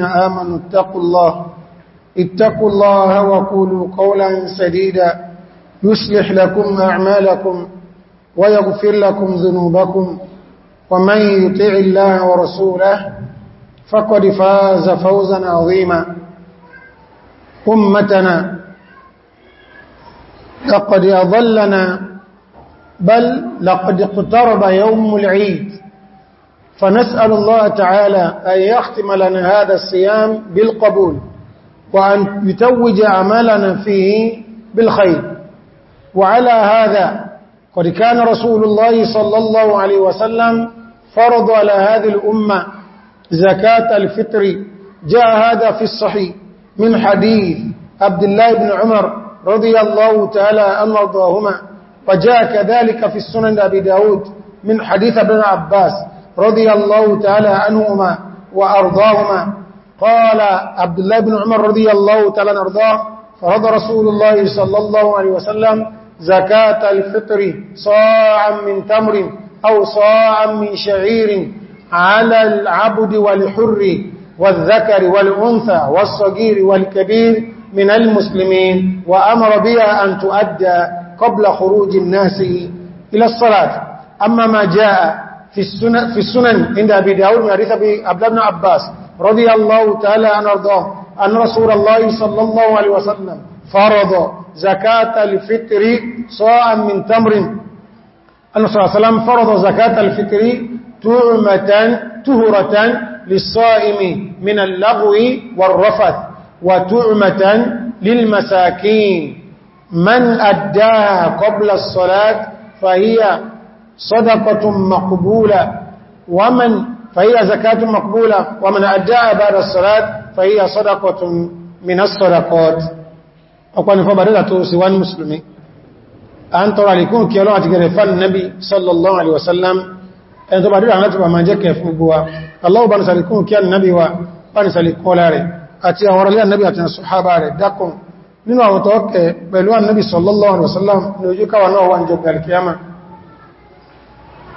الذين آمنوا اتقوا الله اتقوا الله وقولوا قولا سديدا يصلح لكم أعمالكم ويغفر لكم ذنوبكم ومن يطع الله ورسوله فقد فاز فوزا عظيما أمتنا لقد أضلنا بل لقد اقترب يوم العيد فنسأل الله تعالى أن يختم لنا هذا الصيام بالقبول وأن يتوج عملنا فيه بالخير وعلى هذا قد كان رسول الله صلى الله عليه وسلم فرض على هذه الأمة زكاة الفطر جاء هذا في الصحيح من حديث عبد الله بن عمر رضي الله تعالى أن رضاهما وجاء كذلك في السنن أبي داود من حديث ابن عباس رضي الله تعالى عنهما وأرضاهما قال عبد الله بن عمر رضي الله تعالى أرضاه فرض رسول الله صلى الله عليه وسلم زكاة الفطر صاعا من تمر أو صاعا من شعير على العبد والحر والذكر والأنثى والصغير والكبير من المسلمين وأمر بها أن تؤدى قبل خروج الناس إلى الصلاة أما ما جاء في السنن, في السنن عند أبي داود من حديث أبي عبد بن عباس رضي الله تعالى عن أرضاه أن رسول الله صلى الله عليه وسلم فرض زكاة الفطر صاعا من تمر أن صلى الله عليه وسلم فرض زكاة الفطر تعمة تهرة للصائم من اللغو والرفث وتعمة للمساكين من أداها قبل الصلاة فهي صدقة مقبولة ومن فهي زكاة مقبولة ومن أداء بعد الصلاة فهي صدقة من الصدقات أقول فبريدة سوان مسلمي أن ترى لكون كي الله تقرف النبي صلى الله عليه وسلم أن تبريدة أن تبع من جك يفقوا الله بنسلكون كي النبي وبنسلكون لاري أتي أورا لي النبي أتنا الصحابة داكم nínú àwọn tọ́ọ̀kẹ̀ pẹ̀lú النبي صلى الله عليه وسلم ojú káwà náà wà ní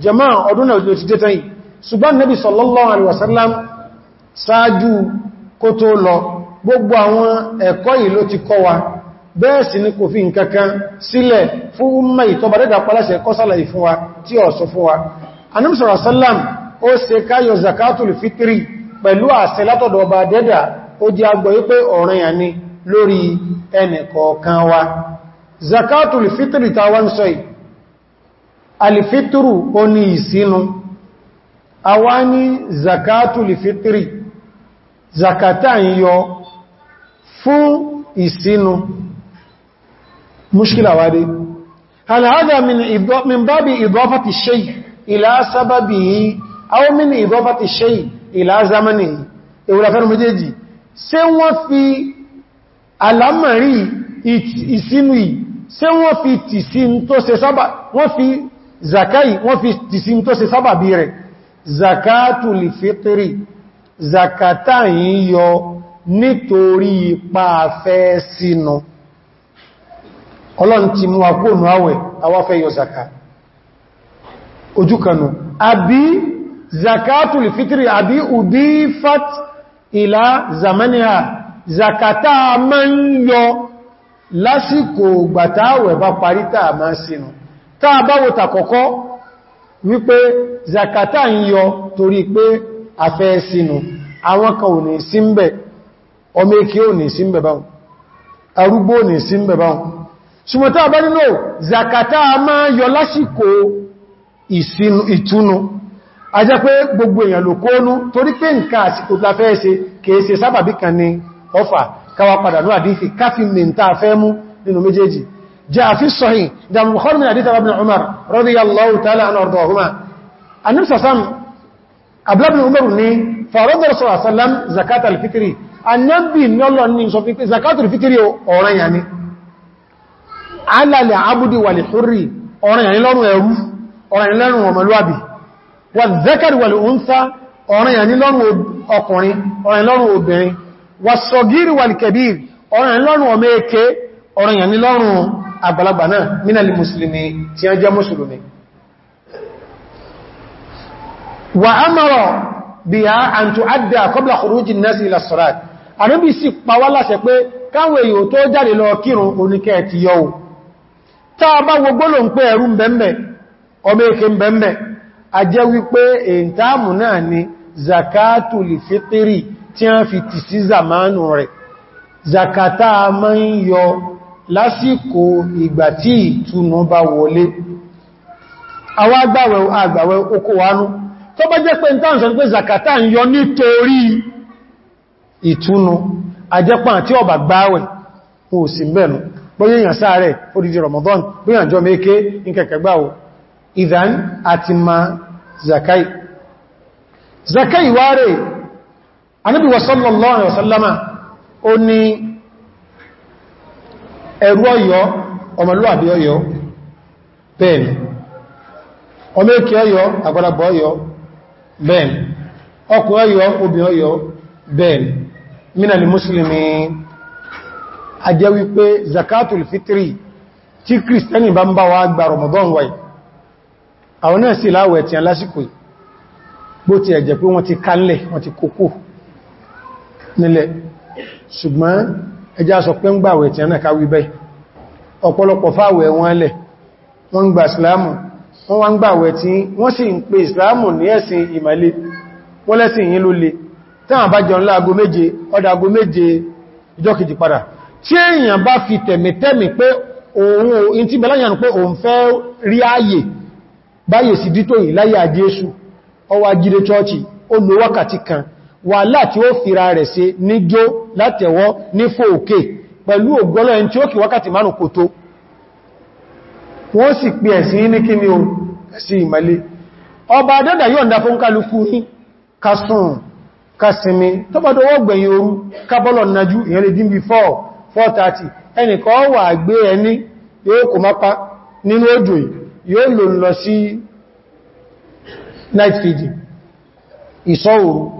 jama'a ọdún náà ló ti dé yìí ṣùgbọ́n nabi sallallahu alaihi wasallam ṣáájú kó tó lọ gbogbo àwọn ẹ̀kọ́ yìí ló ti kọ́ wa bẹ́ẹ̀ sì ni kò fi nǹkankan sílẹ̀ fún umma ìtọba dẹ́dà paláṣẹ kọ́sàlà ìfún wa tí ó sọ fún zakatul fitri pẹ̀lú àṣẹ látọ̀dọ̀ ọba dẹ́dà ó jẹ́ agbọ̀ wípé ọ̀ranyàn ni zakatul fitri ta wá sọ yìí alifitru ó ní ìsínú a wá ní zakatu lifitri zakata ń yọ fún ìsínú mushkila wádé hal hada min babi idafati shay ila sababihi aw min idafati shay ila zamani. ewúrafẹ́nu méjèèjì ṣé wọ́n fi alamari ìsínú yìí ṣé wọ́n fi tìsí tó ṣe sábà wọ́n fi zakai wọ́n fi tìsí tó ṣe sábàbí rẹ̀ zakatu li fitri zakata yìí yọ nítorí ipa fẹ́ sínú ọlọ́n ti mú àkóònù àwẹ̀ àwọ́fẹ́ yọ zaka ojúkanù àbí zakatu li fitri àbí udifat ìlà zamaniha zakata ma ń yọ lásìkò gbàtàwẹ̀ bá parí tàà máa sínú táa báwo tàkọ́kọ́ wípé zakata ń yọ torí pé afẹ́ sínú àwọn kan ò ní símbẹ̀ ọmọ èké ò ní símbẹ̀ báhùn arúgbó ò ní símbẹ̀ báhùn ṣùgbọ́n bá nínú zakata máa yọ lásìkò ìtúnu a jẹ́ pé gbogbo èèyàn ló kóónú torí pé nǹkan جاء في الصحيح ده البخاري من حديث ابن عمر رضي الله تعالى عنه وارضاهما النبي صلى الله عليه ابن عمر ني فرض الرسول صلى الله عليه وسلم زكاه الفطر النبي ان الله ني سو في زكاه الفطر اوران يعني على العبد والحر اوران يعني لورun ẹrú اوران يعني lorun ọmọlúàbí والذكر والانثى اوران يعني lorun ọkùnrin اوران يعني lorun obìnrin والصغير والكبير اوران يعني lorun ọmọ èké ọ̀rọ̀ ìyàn àgbàlagbà náà mínàlì musulmi tí a jẹ́ musulmi wà ámọ̀rọ̀ bí i an tó adda qabla khurujin nasi ila salat àríbí sí pàwà láṣẹ pé káwọn èyàn tó jáde lọ kírun oníkẹ́ ti yọ́ tá a bá wo gbólóhùn zakata ma ń yọ lásìkò ìgbà tí ìtúnú bá wọlé àwọn agbàwẹ̀ àgbàwẹ̀ oko wánú tó bá jẹ́ pé ń tàn sọ pé zakata ń yọ nítorí ìtúnú àjẹ́pàá tí ọba gbáwẹ̀ kò sí mẹ́nu bóyíyàn sáàrẹ̀ odidi Ramadan bóyíyàn jọ méké nkẹ̀kẹ̀gbáwò zakai zakai wáre anábíwọ̀ sallallahu alaihi wasallama ó ẹrú ọ̀yọ́ ọmọlúwàbí ọ̀yọ́ bẹ́ẹ̀ni ọmọ èkè ọ̀yọ́ àgbàlagbà ọ̀yọ́ bẹ́ẹ̀ni ọkùn ọ̀yọ́ obìn ọ̀yọ́ bẹ́ẹ̀ni mínàlì mùsùlùmí ajẹ́ wípé zakatul fitri tí kìrìsìtẹ́nì bá ń bá wa gba Ramadan wáyé àwọn náà sì láwẹ̀ tí a ti ẹ̀jẹ̀ pé wọ́n ti kálẹ̀ ṣùgbọ́n ẹjá sọ pé ń gbàwẹ̀ tí ẹ̀nà káwí bẹ́ ọ̀pọ̀lọpọ̀ fàwẹ̀ wọn lẹ̀ wọ́n gbà islamu wọ́n wá ń gbàwẹ̀ tí wọ́n sì ń pè islamu ní ẹ̀sìn ìmàlé wọ́n lẹ́sìn yìí ló le táwọn bá jẹun láago méje ọdá ago méje ìjọ kejì padà tí èèyàn bá fi tẹ̀mẹ̀tẹ̀mẹ̀ pé òun in ti bẹ̀láyàn pé òun fẹ́ wà láti ó fìra rẹ̀ sí ní jó látẹ̀wọ́ ní fò òkè pẹ̀lú ògbọ́lọ́ ẹni tí ó kì wákàtí kò tó wọ́n sì o si male ọba dẹ́dà yóò ǹdá fún kálukú ní kásùn kásìnmi tó bá 430 wà ẹni night feeding ìṣọ́ òru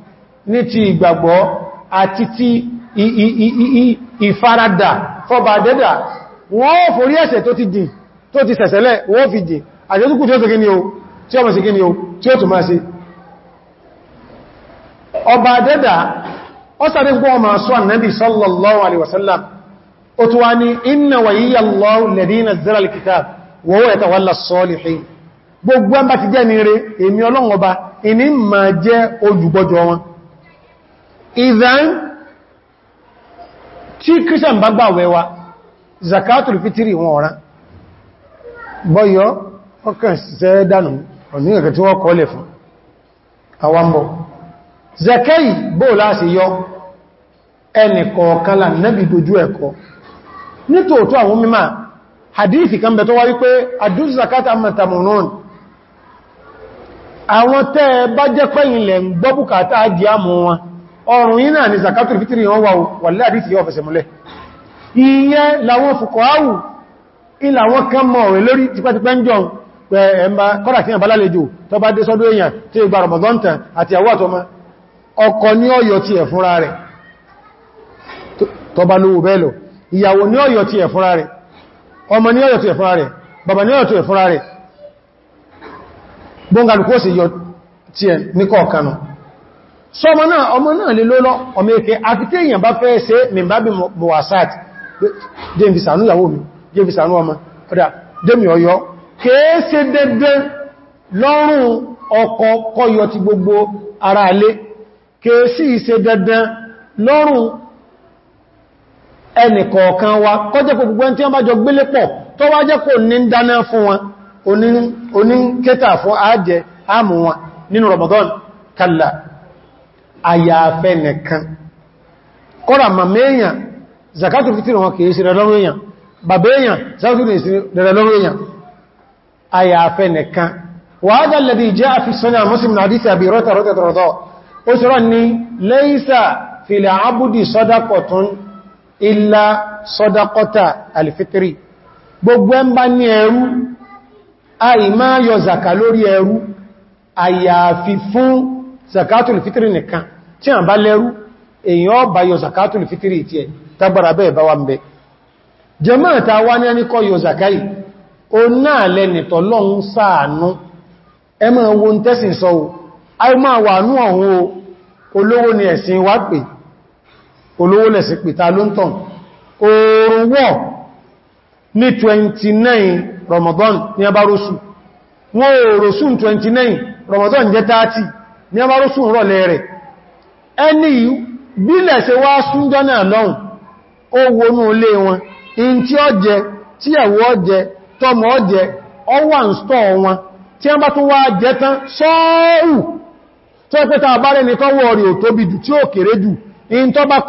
ní ti ìgbàgbọ́ àti ti ìfaradà fọba dẹ́dà wọ́n forí ẹ̀ṣẹ̀ tó ti dì tó ti sẹ̀sẹ̀lẹ̀ wọ́n fi dì àjẹ́sùkú tí ó tẹ́kí ni o tí ó mọ̀ sí kí ni o tí ó tó máa sí ọba ó sáré gbọ́ sallallahu alaihi wasallam ó tó allahu ladina alkitab wa huwa yatawalla as-salihin gbogbo ẹmbá ti jẹ́ ni re èmi ọlọ́run ọba ìní ma jẹ́ olùgbọ́jọ wọn ìdán tí christian bá gbà wẹ́wa zakatul fitiri wọn ọ̀rán bọ́yọ́ ọkàn ṣẹ́ dánù ọ̀nà ìrẹ̀kẹ́ tí wọ́n kọ́lẹ̀ fún àwambọ̀ zakai bó láti yọ ẹnìkọ̀ kala nẹ́bì dojú ẹ̀kọ́ nítòótọ́ àwọn mímá hadithi kan bẹ̀ tó wá wípé adúz zakat amatamunun àwọn tẹ́ bá jẹ́ pẹ́yìn lẹ̀ ń gbọ́ bùkátà ájí àmú wọn ọrùn yìí náà ni zakatul fitri yàn wà wà láàrín ti yọ́ fẹsẹ̀ múlẹ̀ iye làwọn fùkọ̀ áwù ìlàwọn kan mọ̀ rẹ̀ lórí tipẹ́tipẹ́ ń jọun kọ́dà kí àbálálejò tó bá dé sọ́dọ̀ èèyàn tí ìgbà Ramadan tán àti àwọ́ àtọ́mọ ọkọ ní ọyọ̀ ti ẹ̀ fúnra rẹ̀ tó bá lówó bẹ́ẹ̀lọ ìyàwó ní ọyọ̀ ti ẹ̀ fúnra ní kọ̀ọ̀kanù so ọmọ náà ọmọ náà lè lọ́lọ́ ọmọ èké àfitẹ́ èyàn bá fẹ́ ṣe mìbábí mọ̀wàsáàtì jẹ́mì sànú ìyàwó mi jẹ́mì sànú ọmọ ọ̀dá jẹ́mì dẹ́dẹ́ lọ́rùn ọkọ kọyọ ti gbogbo ara alé kéèsí ìse lọ́rùn wa àyàfẹ́ nìkan kọ́rà màmẹ́yàn zakatu fitri wọn kìí sí rẹ̀lọ́rọ̀ èyàn bàbẹ́yàn zakatu fitri rẹ̀lọ́rọ̀ èyàn àyàfẹ́ nìkan wà á dàlẹ̀dì jẹ́ àfisọ́nà muslim na àdísì àbí rọ́ta rọ́ta rọ́ta ó sọ́rọ̀ ni lẹ́yìsà àyàfi fún zakatul fitri nìkan tí a bá lẹ́rú èyàn bá yọ zakatul fitri tí ẹ tagbara bẹ́ẹ̀ bá bawa ń bẹ jẹmọ́ta wá ní ẹni yọ zakai o náà lẹ́ni tọ́lọ́un sáànú ẹ máa wo ń tẹ́sìn sọ o a máa wà ní ọ̀hún olówó ni ẹ̀sìn wá pè olówó lẹ̀sìn ló ń tàn oòrùn ní 29 Ramadan ní wọ́n 29 Ramadan jẹ́ ní a bá rọ́ sún rọ̀lẹ̀ ẹni bílẹ̀ ṣe wá sún jọ́nà ó wọn in tí ó jẹ tí ẹ̀wọ́ jẹ tọmọ ọ ọwà ń stọ wọn tí a bá tún wá jẹ tán sọ́ọ̀rù tó ẹ pẹ́ta àbárẹ́ ní kọ́wọ́ rí tí ó kéré jù in tó bá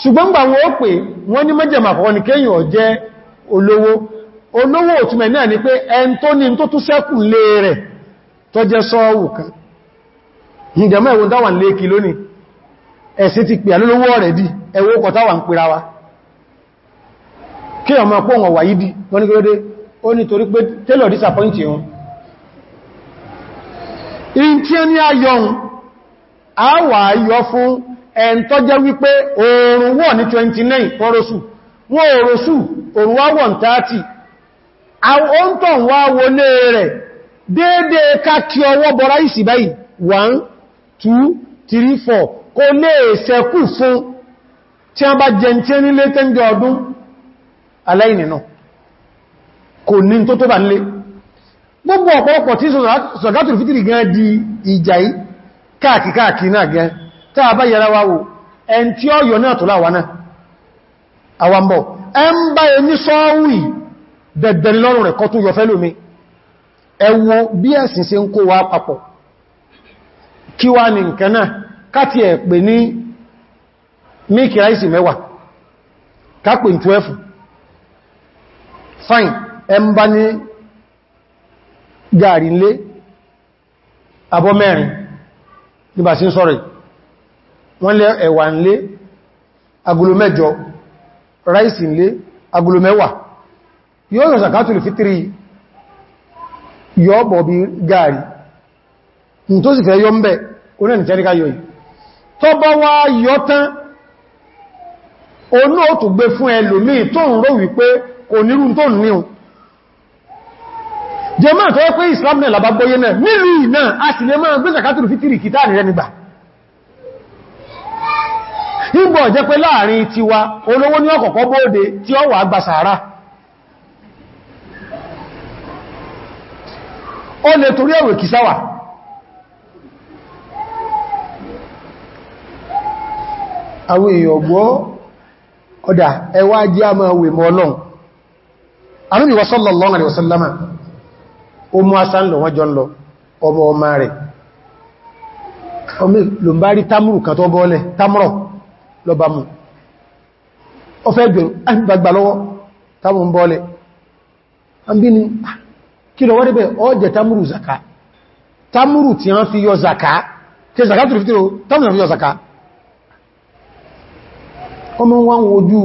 ṣùgbọ́n gbà wọ́n pè wọ́n ní mẹ́jẹ̀mà kọ̀ọ̀kan ní kéèyàn jẹ́ olówó olówó òtúmẹ̀ náà ni pé ẹn tó ní tó tún sẹ́kù lé rẹ̀ tó jẹ́ sọ́ọ̀wù kan ìjẹmọ́ ẹ̀wọ̀n dáwà ń léèkì lónìí ẹ̀sìn ti pè alólówó wa ẹn tó jẹ́ wípé oòrùn wọ̀ ní 29 ọrọ̀sù wọ́n ọrọ̀sù oòrùn wá wọ̀ 30 àwọn tó ń wá wọlé rẹ̀ dédé kákí ọwọ́ bọ́rá ìsì báyìí 1 2 3 4 kò lè ṣẹ́kù fún tí a bá jẹ tí ní lé tẹ́ndẹ̀ ọdún aláìnìnà kò ní tó tó bà nílé gbogbo ọ̀pọ̀lọpọ̀ tí sọ̀gátùrù fítìrì gan di ìjà yìí káàkì káàkì náà gan tàà bá yẹra wáwò ẹn tí ó yọ náà tó láwà náà àwàmbọ̀ ẹn bá ẹni sọ́wì dẹ̀dẹ̀ni lọ́rùn rẹ̀ kọ́ tún yọ fẹ́lómi ẹwọ bí ẹ̀sìn ṣe ń kó wá papọ̀ kí wá ní nǹkan náà káti ẹ̀ pè ní mílìkì ráìsì mẹ́wàá kápè ní fine ẹn bá ní gàrí lé abọ́ mẹ́rin ń sọ́rọ̀ wọ́n lé ẹ̀wà ń lé agolo mẹ́jọ ráìsì ń lé agolo mẹ́wàá yóò yọ sàkátùlù fítírì yọ bọ̀ bí gààrí ní tó sì fẹ́ yọ mẹ́ oní ẹ̀nìtẹ́ríká yọ yìí tó pé Islam náà labagbóyé náà nílùú náà a sì lè máa gbé sàkátùlù fítírì kìtà rẹ̀ ìgbọ̀ jẹ́ pé láàrin tiwa olówó ní ọkọ̀kọ́ bóòdè tí ó wà gba sàárà ó lè torí ẹ̀wẹ̀ kìsáwà àwọn èèyàn gbọ́ ọ̀dà ẹwà jẹ́ a máa wè mọ́ ọlọ́run Ànábì wa lọ ọmọ ọmọ tamuru lọba mú ọfẹ́ gbẹ̀rù àgbàgbà ah, lọ́wọ́ táwọn bọ́ọ̀lẹ̀ àbí ni ah, kí lọ wọ́dẹ̀ bẹ̀ ọjẹ̀ tamuru zaka tamuru tí wọ́n fi yọ zaka tí zaka tó fìtírò tamuru fi yọ zaka ọmọ wọn wojú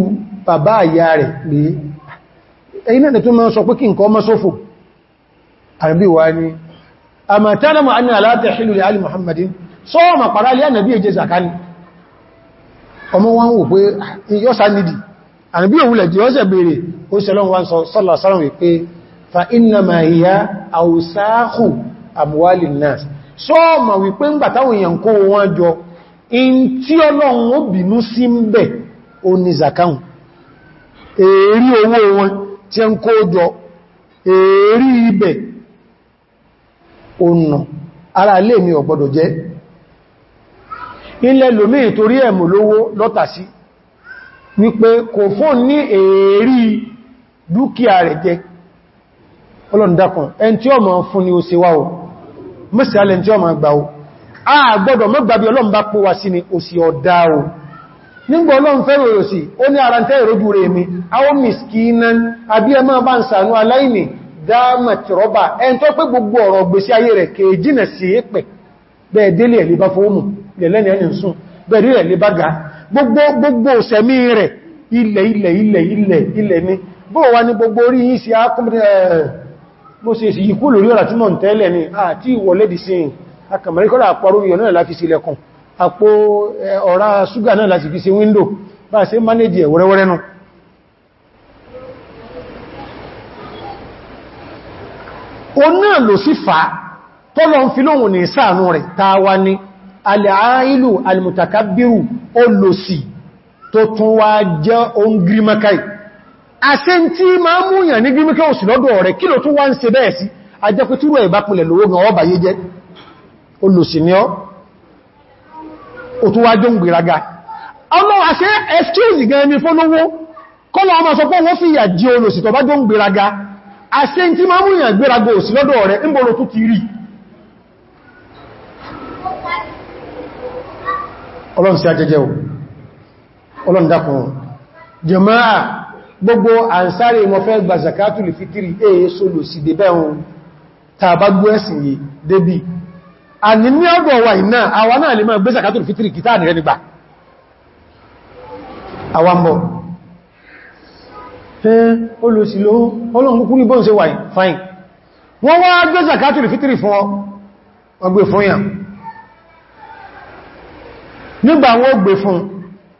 bàbá àyà rẹ̀ pé ah, ẹ̀yìn náà tó máa sọ pé kí nǹkan ọmọ sófò àrẹ́bí wa ni àmàtánàmù anni aláàtẹ̀ hìlú lè alì muhammadin sọ́ọ̀mà ànàbí èjè zaka ọmọ wọn wò pé ah, yọ́sá nìdì àníbí òwúlẹ̀ tí yọ́sẹ̀ bèèrè ó ṣe lọ́wọ́ wọn sọ́lọ̀ sọ́rọ̀ wípé fa inna ma hiya awsahu amwalin nas sọ ma wípé ńgbà táwọn èèyàn kó wọn jọ in tí ọlọ́run ó bínú sí ń bẹ̀ ó ara ilé mi ò jẹ́ ilẹ̀ lómí ìtorí ẹ̀mù lówó lọ́tà sí wípé kò fún ní èrí dúkìá rẹ̀ jẹ ẹn tí ọmọ fún ni ó se wá o mẹ́sàálẹ̀ tí ọmọ gbà o a gbọ́dọ̀ mọ́gbàbí ọlọ́mbà ni o ní bá dáàmà tí rọ́bà ẹn tó pé gbogbo ọ̀rọ̀ gbèsè ayé rẹ̀ kèèjìnà sí ẹ̀pẹ̀ bẹ́ẹ̀ délé ẹ̀lú bá lẹ́lẹ́ni ẹni sùn bẹ̀rí rẹ̀ lè bága gbogbo òsẹ̀mí rẹ̀ ilẹ̀ ilẹ̀ ilẹ̀ ilẹ̀ ilẹ̀ ni bó wá ní gbogbo orí yìí sí ákùnrin o náà lò sí fàá tọ́lọ ń fi lóhun ní sáànú rẹ̀ tàwa ni al'áìlù al'mùtàkàbírù olóòsì tó tún wá jẹ́ ohun grímakai a se ń tí ma ń múyàn ní grímakai òsì lọ́dọ̀ rẹ̀ kí ló tún wá ń ṣe bẹ́ẹ̀ sí a jẹ́ pẹ́túrù ẹ̀bá pìlẹ̀ lówó gan ọba yé jẹ́ ni ọ́ o tún wá jọ ń gbìraga ọlọ́ excuse gan ni fólówó kọ́lọ̀ ọmọ sọ pé wọ́n fi ìyà jẹ olóòsì tó bá jọ ń gbìraga a se ń tí ma ń múyàn gbìraga òsì lọ́dọ̀ rẹ̀ ń bọ̀rọ̀ tún ti rí ọlọ́run sí ajẹjẹ o ọlọ́run dákùn jẹmáà gbogbo àǹsáre wọn fẹ́ gba zakatù lè fitiri èyí e sólò sí débẹ̀ ohun tàbágbó ẹ̀sìn yìí débì àníní ọgbọ̀ wà iná àwa náà lè máa gbé zakatù lè fitiri kìtà nìrẹ́ nígbà fine wọ́n wá gbé zakatù lè fitiri fún ọgbẹ̀ fún yàn nígbà wọ́n gbé fún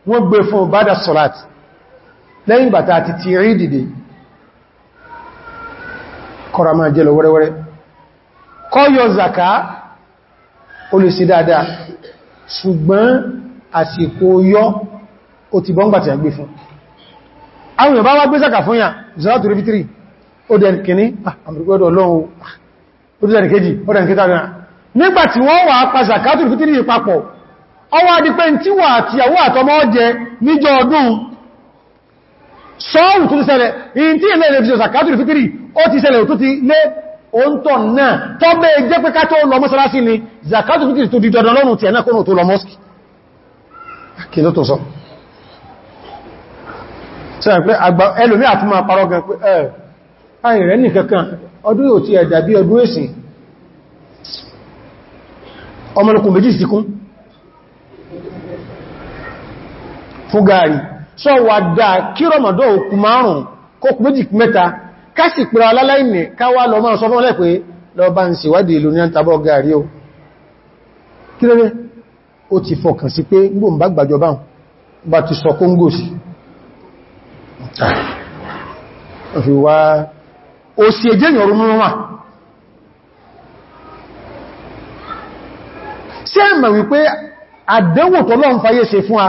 wọ́n gbé fún bádà salat, lẹ́yìn bàtà àti ti rí dìde kọ́ra máa jẹ́ lọ wẹ́rẹ́wẹ́rẹ́ kọ́ yọ zaka o lè sí dáadáa ṣùgbọ́n àsìkò yọ o ti bọ́n bàtà gbé fún àwọn ìyàbá wá gbé zaka fún yà zọ́látù rífítírì ó dẹ̀ kìíní àmìrìkọ́dọ̀ ah, ọlọ́run nígbàtí wọ́n wà pa zakatù rífítírì papọ̀ ọwọ́ adìpẹ́ tí wà àtìyàwó àtọmọ́ jẹ níjọ ọdún sọ́ọ̀rù tó ti ṣẹlẹ̀ in tí ilẹ̀ ilẹ̀ ìfisọ̀ sàkátù fitiri ó ti ṣẹlẹ̀ tó ti lé oúntọ̀ náà tó bẹ́ jẹ́ pé ni zakatù fitiri tó di dandan lọ́rùn tí ẹ̀nà kónà tó lọ mọ́sí ọmọlùkùn méjì síkún fún gààrí sọ wà dáa kí rọmọdọ́ òkú márùn-ún kó kú méjì mẹ́ta kásì pẹ̀rọ aláláìní káwà lọ mọ́ sọ fún ọlẹ́ pé lọ bá ń ṣèwádìí ìlú ní àtàbọ̀ gààrí o kí lẹ́rẹ́ ó ti fọkàn sí pé gbò ń bá gbàjọba bá ti sọ kóngò sí àdẹ́wò tọ́lọ́ ń fayé ṣe fún a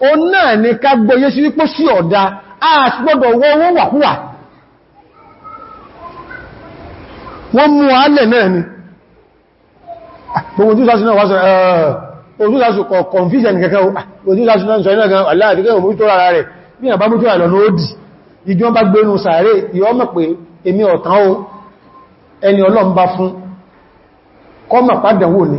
o náà ní ká gbọ́yé sí wípó sí ọ̀dá àṣìgbọ́dọ̀ wọ́n wọ́n wà húwà wọ́n mú alẹ̀ náà ni gbogbo ojúsásí náà wá sọ ojúsásí kọ̀ confusion kẹ́kẹ́ ojúsásí náà sọ iná gan aláàdíkẹ́ òmútó ara rẹ̀ ní àbámútó àlọ́nà ó dì ìjọ bá gbénu sàárè ìyọ́mọ̀ pé èmi ọ̀tán ó ni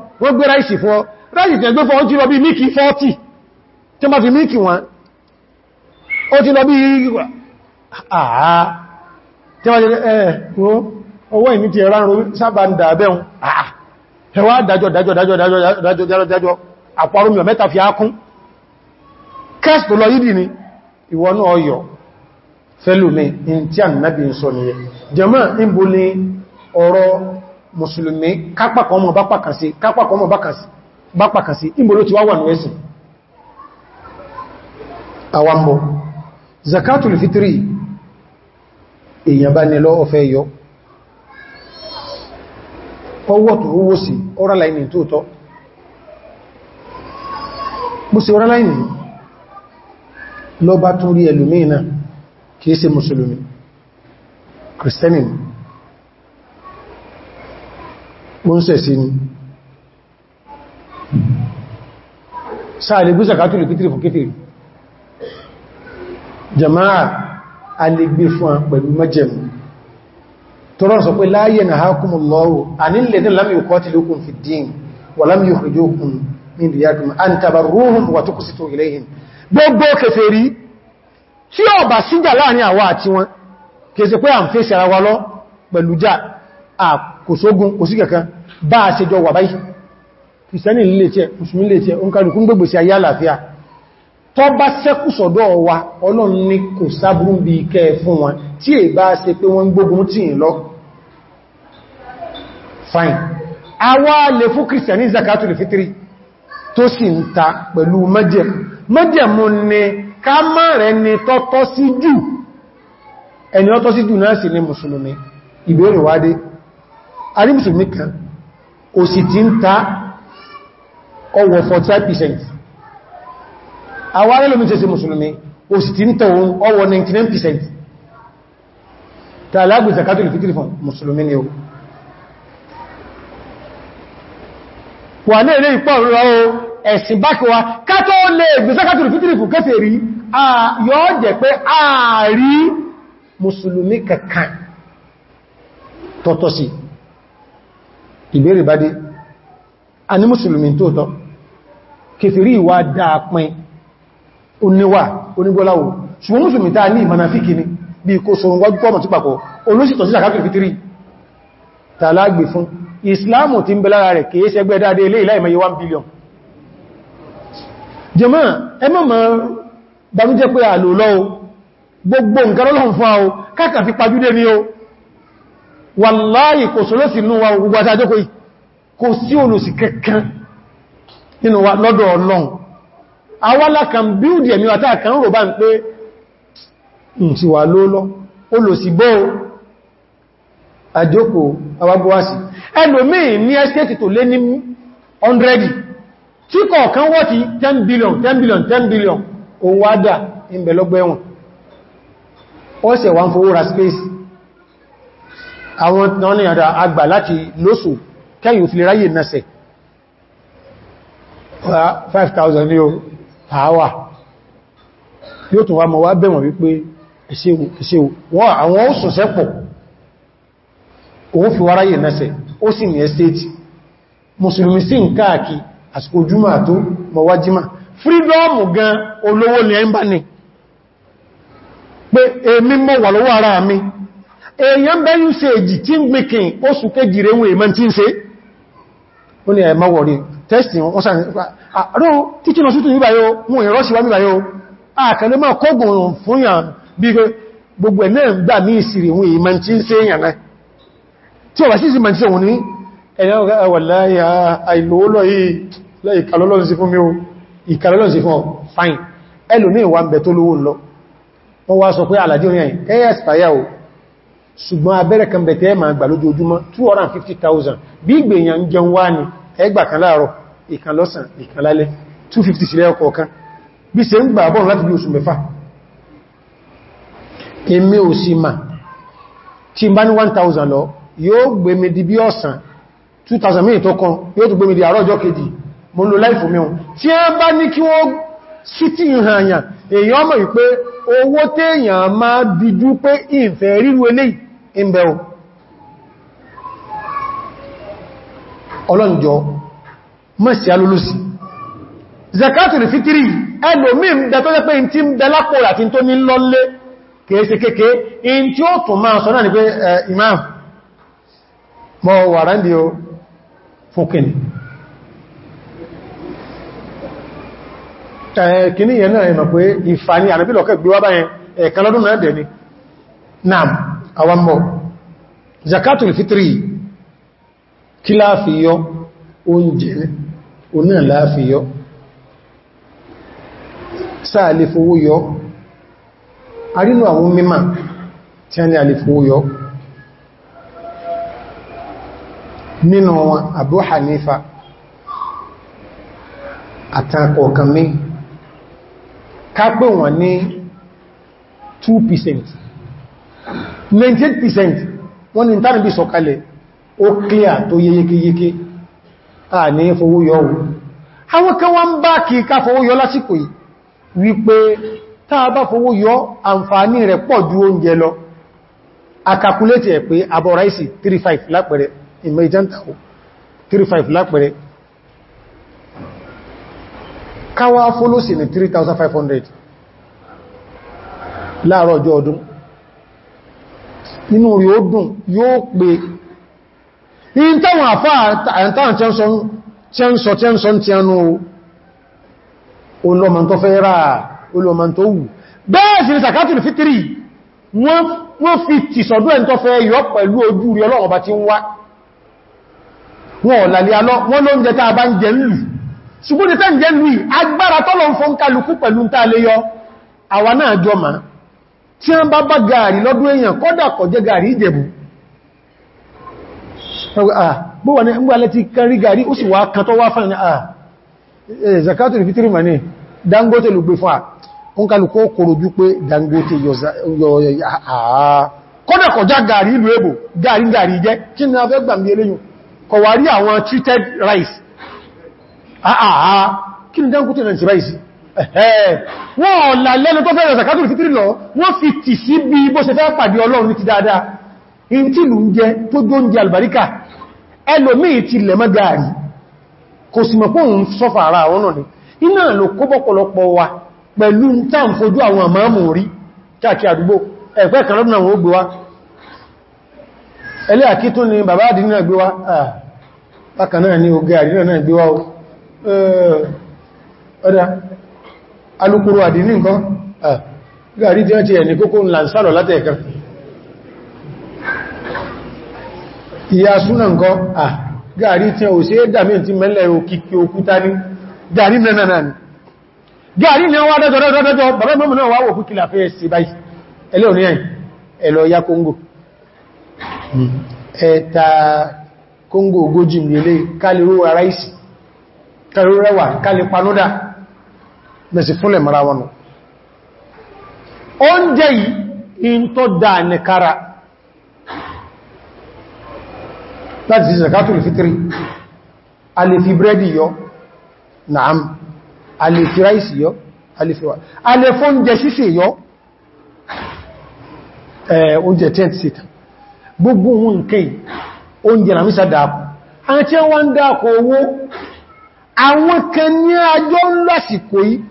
wọ́n gbé ráìsì fún ọ ráìsì tẹ́ gbé fún ọ ti lọ bí míkì 40 tí ma fi míkì wọn ó ti lọ bí àà fi ni in mùsùlùmí kápàkọ́ mọ̀ bá pàkàsí kápàkọ́ mọ̀ bá pàkàsí ìbòrò ti wá wà ní ẹ̀sìn àwambọ̀ zakatul fitri èyàn bá nílọ ọ̀fẹ́ yọ ọwọ́ tó owó sí ọ́rọ̀láìní tóòtọ́ bó sí ọ́rọ̀láìní lọ bá tún rí ẹlòmí náà kìí ṣe mùsùlùmí kìrìsìtẹ́nì ó ń sẹ̀sí ni sáàlè gbé sàkátùlù kítìrì fún kítìrì jama'a a lè gbé fún a pẹ̀lú májẹ̀mú tọ́rọ sọ pé la yanhakumullahu anil ladhina lam yuqatilukum fid din wa lam yukhrijukum min diyarikum an tabarruhum wa tuqsitu ilayhim gbogbo kèfèrí tí ó bá síjà kò sógun kò sí kankan bá a ṣe jọ wà báyìí kìsẹ́nì lè tẹ́ mùsùlùmí lè tẹ́ oúnkàlùkú ń gbogbo sí ayé àlàáfíà tọ́ bá sẹ́kù sọ̀dọ̀ wa ọlọ́run ní kò fine àwa lè fún kìsẹ́nì zakatul fitri tó sì ń ta pẹ̀lú mẹ́jẹ̀m mẹ́jẹ̀mú ni ká má rẹ̀ ni tọ́tọ́ sí jù ẹni ọtọ́ sí jù náà sì ni mùsùlùmí ìbéèrè wádé arí mùsùlùmí kan kò sì ti ń ta ọwọ̀ 45% àwọn arẹ́lòmí tẹ́sí mùsùlùmí kò sì ti ń ta ọwọ̀ 99% tààlágbì zakatul fitri fún mùsùlùmí ni o wà ní ilé ìpọ̀ rọ ẹ̀sìn bákọwà kátó lè gbé zakatul fitri fún kẹfẹ̀ rí yóò jẹ́ pé ààrí mùsùlùmí kankan tọ́tọ́ sí i ìbéèrè bá dé a ní mùsùlùmí tóòtọ́ kèfèrí ìwà dáapin oníwà onígbọ́láwò ṣùgbọ́n mùsùlùmí tàà ní ìmànàfíkì ni bí kò sọ wọ́n gbọ́mọ̀ tí papọ̀ olóṣìtọ̀ sí àkàkiri fitiri tàlágbì fún ìsìláàmù tí ń bẹ lára rẹ̀ kìí ṣẹgbẹ́ dáadé ilé ìlà ìmẹ̀yẹ 1 billion jẹmọ́ ẹmọ́ mọ́ banújẹ́ pé àlò lọ́wọ́ gbogbo nǹkan lọ́lọ́run fún àwọn káàkà fi pajúdé wàláyì kò sọ lọ́sì inú wa gbogbo àtàjọ́kò yìí kò sí olùsì kẹ́kẹ́ nínú wa lọ́dọ̀ ọlọ́run awálákan bíúdì ẹ̀mí wa táà kan rò bá ń pé ń ti wà lóòlọ́ olùsì bọ́ àjọ́kò awábúwásì ẹlòmíì ní ẹ́sẹ́tì tó billion 10 billion 10 billion òun wádà ìbẹ̀lọ́gbẹ̀wọ̀n ó sì wà fowó ra space àwọn náà na àdá àgbà láti lóṣù kẹ́yìn òfin ráyè nẹ́sẹ̀ 5,000 ní o pàáwà yóò tún wá wá bẹ̀wọ̀n wípé ẹ̀ṣẹ́wò wọ́n àwọn ó sọ̀sẹ́ pọ̀ òun fi wá ráyè nẹ́sẹ̀ ó sì ní estate si sí àsìkò àtó gan olówó ni ní èèyàn bẹ́yù sí èjì tí ń gbìkìn oṣù kejì rewé mọ́ tí ń ṣe ó ní ẹ̀mọ́wọ̀rí tẹ́sì wọ́n sàn àrò títí lọ sútù níbàyó wọn ìrọ́síwá níbàyó àkàlẹ́ máa kọ́gùn fún yàn bí gbogbo ẹ̀lẹ́ gbà ní ìsìrì wọn ìmọ̀ tí ń ṣe yàn náà tí ọ̀wà sí ìsìmọ̀ tí òun ní ẹ̀yàn fine ẹlòmí ìwà ń bẹ̀ tó lówó lọ wọ́n wá sọ pé àlàjí orin ẹ̀yìn kẹ́yẹ̀ ẹ̀sìpáyà o ṣùgbọ́n abẹ́rẹ́ kan bẹ̀tẹ̀ ma gbà lójoojúmọ́ 250,000 bí ìgbèyàn ń jẹun wá ní ẹgbà kan láàrọ̀ ìkan lọ́sàn ìkan lálẹ́ 250 sílẹ̀ ọkọ̀ kan bí ṣe ń gbà bọ́n láti bí oṣù mẹ́fà èmi ò sí ma tí bá ní 1,000 lọ yóò gbé mi di bí ọ̀sán 2,000 mìí tó kan yóò tó gbé mi di àárọ̀ ọjọ́ kejì mo lo láìfò mẹ́un tí ẹ bá ní kí wọ́n sí tí ìhànyàn èèyàn mọ̀ wípé owó téèyàn máa dìjú pé ìfẹ́ ríru eléyìí ìbẹ̀wò ọlọ́njọ́ mọ́sí alólùsì zakatul fitri ẹlòmí ìdẹ tó jẹ́ pé in ti ń bẹ lápò àti tó ní lọ́lé kèése kéèké in tí ó tún máa sọ náà ni pé imam mọ́ wà rándí o kìíní yẹn náà ẹ̀mọ̀ pé ìfà ní àrẹ́bílọ̀kẹ́ gbíwá báyẹn ẹ̀kan lọ́dún náà dẹ̀ ni naam àwọn mọ̀ zakatul fitri kí láàfíyọ́ oúnjẹ oní láàfíyọ́ sáà lè fowó yọ arínú àwọn mímọ̀ tí a ní a lè fowó yọ nínú wọn Abu Hanifa àtàkọ̀ọ̀kan mìí kápẹ́ wọn ní 2% 98% wọ́n ni tánàbí sọ̀kalẹ̀ ó clear tó yéyékéyéké a ní fowó yọ ohun àwọn kan wọ́n bá kí ká fowó yọ lásìkò yìí wípé táa bá fowó yọ àǹfààní rẹ̀ pọ̀ ju oúnjẹ lọ akakulétì ẹ̀ pé abọ́ ráìsì 35 lápẹẹrẹ ìmẹ́ ìjántàwó 35 káwàá fólósì ní 3,500 láàárọ̀ ọjọ́ ọdún inú rí ó dùn yóò pé in táwọn àfáà àtàwọn tẹ́ǹsọ tẹ́ǹsọ tí ẹnu olóòmà tó fẹ́ rà olóòmà tó wù bẹ́ẹ̀ sí ní sàkátùlù fítírì wọ́n fi tìsọ̀dọ́ ẹ̀ tó fẹ́ yọ pẹ̀lú ojú rí ọlọ́ọ̀bá tí ń wá wọn ọ̀làlẹ́ alọ́ wọ́n ló ń jẹ tàà bá ń jẹ ń lù ṣùgbọ́n ní tẹ́ǹjẹ́ ń rí agbára tọ́lọ ń pẹ̀lú lè yọ àwa náà jọ ma tí wọ́n bá bá gààrí lọ́dún èèyàn kọ́dà kọ̀ jẹ gààrí ìjẹ̀bù bọ́wọ̀ kan gààrí Dangote ìlú gààrí gààrí jẹ́ kí ni a fẹ́ eléyìn kọ̀wàrí àwọn treated rice àà ah, ah, ah. kí ní dánkù tí ìrìnṣẹ́ báyìí wọ́n ọ̀là lẹ́nu tó fẹ́rẹ̀ zakatù fitri lọ wọ́n fi tì sí bí bó ṣe fẹ́ pàdé ọlọ́run ti dáadáa in tí lù ń jẹ tó gbó albarika ti ni àkítún ni bàbá àdínà gbé ni àdínà náà gbé Eh, ọ̀dá alukuru àdínì nǹkan gàrí ah. tí ti ẹni kókó ńlá sálọ̀ látẹ̀ẹ̀kan ìyá súnà nǹkan gàrí ah, tí wọ́n sí dàmí tí mẹ́lẹ̀ òkìkì òkúta ní gàrí ni gàrí ni wọ́n dẹ́jọ́dẹ́jọ́ bàbá mọ́mù kẹrù rẹwà kálẹ̀ panúdà mẹ́sì fúnlẹ̀ mara wọnù oúnjẹ yìí in tó dáa nìkára láti sí zakatul fitri a brẹ́dì yọ naam a lè fi ráìsì yọ a lè fi wà a yọ oúnjẹ tent sita gbogbo ohun nkẹ́ oúnjẹ nàmísà dáàkù àti wọ́n dáàkù owó àwọn kan ní ajọ́ ń lásìkò yìí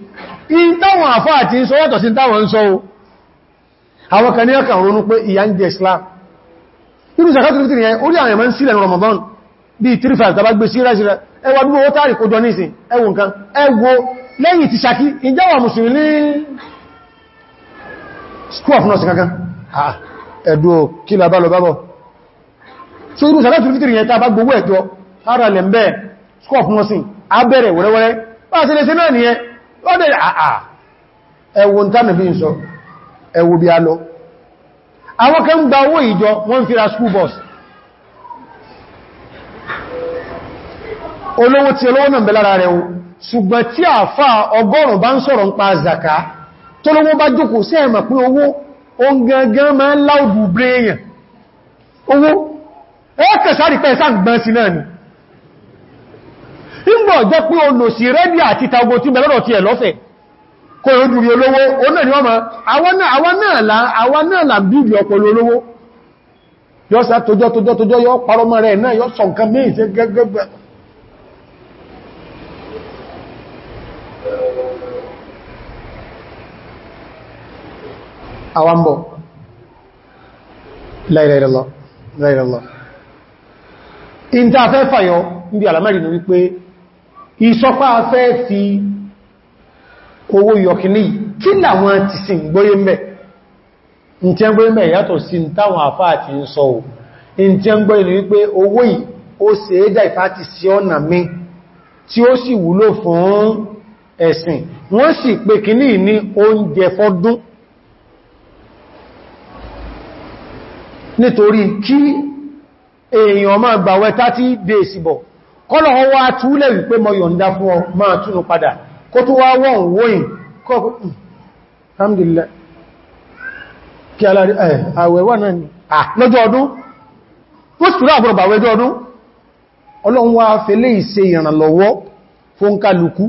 in táwọn àfá àti ń sọ yàtọ̀ sí táwọn ń sọ o àwọn kan ní ọkà ronú pé ìyà ń jẹ Islam nínú sàkátù Ramadan bí tírífà tàbá gbé síra síra ẹwà dúró tàrí kójọ nísìn ẹwù nǹkan ẹwò lẹ́yìn ti Ṣakí ìjọwà mùsùlùmí school of nursing kankan ẹ̀dùn kí la bá lọ bábọ̀ so irú sàkátù fítìrì yẹn tàbá gbogbo ẹ̀tọ́ ara lẹ́m̀bẹ́ school of nursing abẹ́rẹ̀ wẹ́rẹ́wẹ́rẹ́ bá ṣe lè ṣe lọ́dẹ̀ àà ah ah fi ń sọ ẹwù bí a lọ àwọn kan gba owó ìjọ wọ́n fi school bus olówó tí olówó náà bẹ̀lára rẹ̀ ṣùgbọ́n tí àfà ọgọ́rùn bá ń sọ̀rọ̀ ń pa zaka tó bá jókòó sí ẹ̀mà pín owó oun gangan máa ń láòbù bréèyàn owó ńgbọ̀ jẹ́ pé olòsì rẹ́dì àti tagbo tí bẹ̀lọ́rọ̀ ti ẹ̀ lọ́fẹ̀ kò rò dùrí olówó oná ni wọ́n ma àwọn náà là bíbi olówó yọ́ sá tójọ́ tójọ́ tójọ́ yọ́ parọmọ rẹ̀ náà yọ́ sọ nǹkan wípé ìsọpá afẹ́ fi owó yọkìní kí làwọn ti sì ń gbóyé mẹ́ in tí a ń gbóyé mẹ́ yàtọ̀ sí táwọn àfá àti ń sọ in tí a ń gbóyé wípé owó yìí ó se é dá ìfá ti sí ọ̀nà mi tí ó sì wúlò fún ẹ̀sìn wọ́n sì pè kìní ní oúnjẹ fọ́dún nítorí kí èèyàn máa gbàwẹ̀ 30 days bọ̀ kọ́lọ̀ ọwọ́ àtúlẹ̀ wípé mọ́ yọ̀nda fún ọ máa túnú padà kó tó wá wọ́n wóyìn kọ́kọ́ hmm, alhamdulillah kí alárí eh, àwẹ̀wà náà ni lọ́jọ́ ọdún mọ́sùlá àbúrọ̀bà wẹ́jọ́ ọdún ọlọ́run wá fẹ́lẹ́ ìṣe ìrànlọ́wọ́ fún kálukú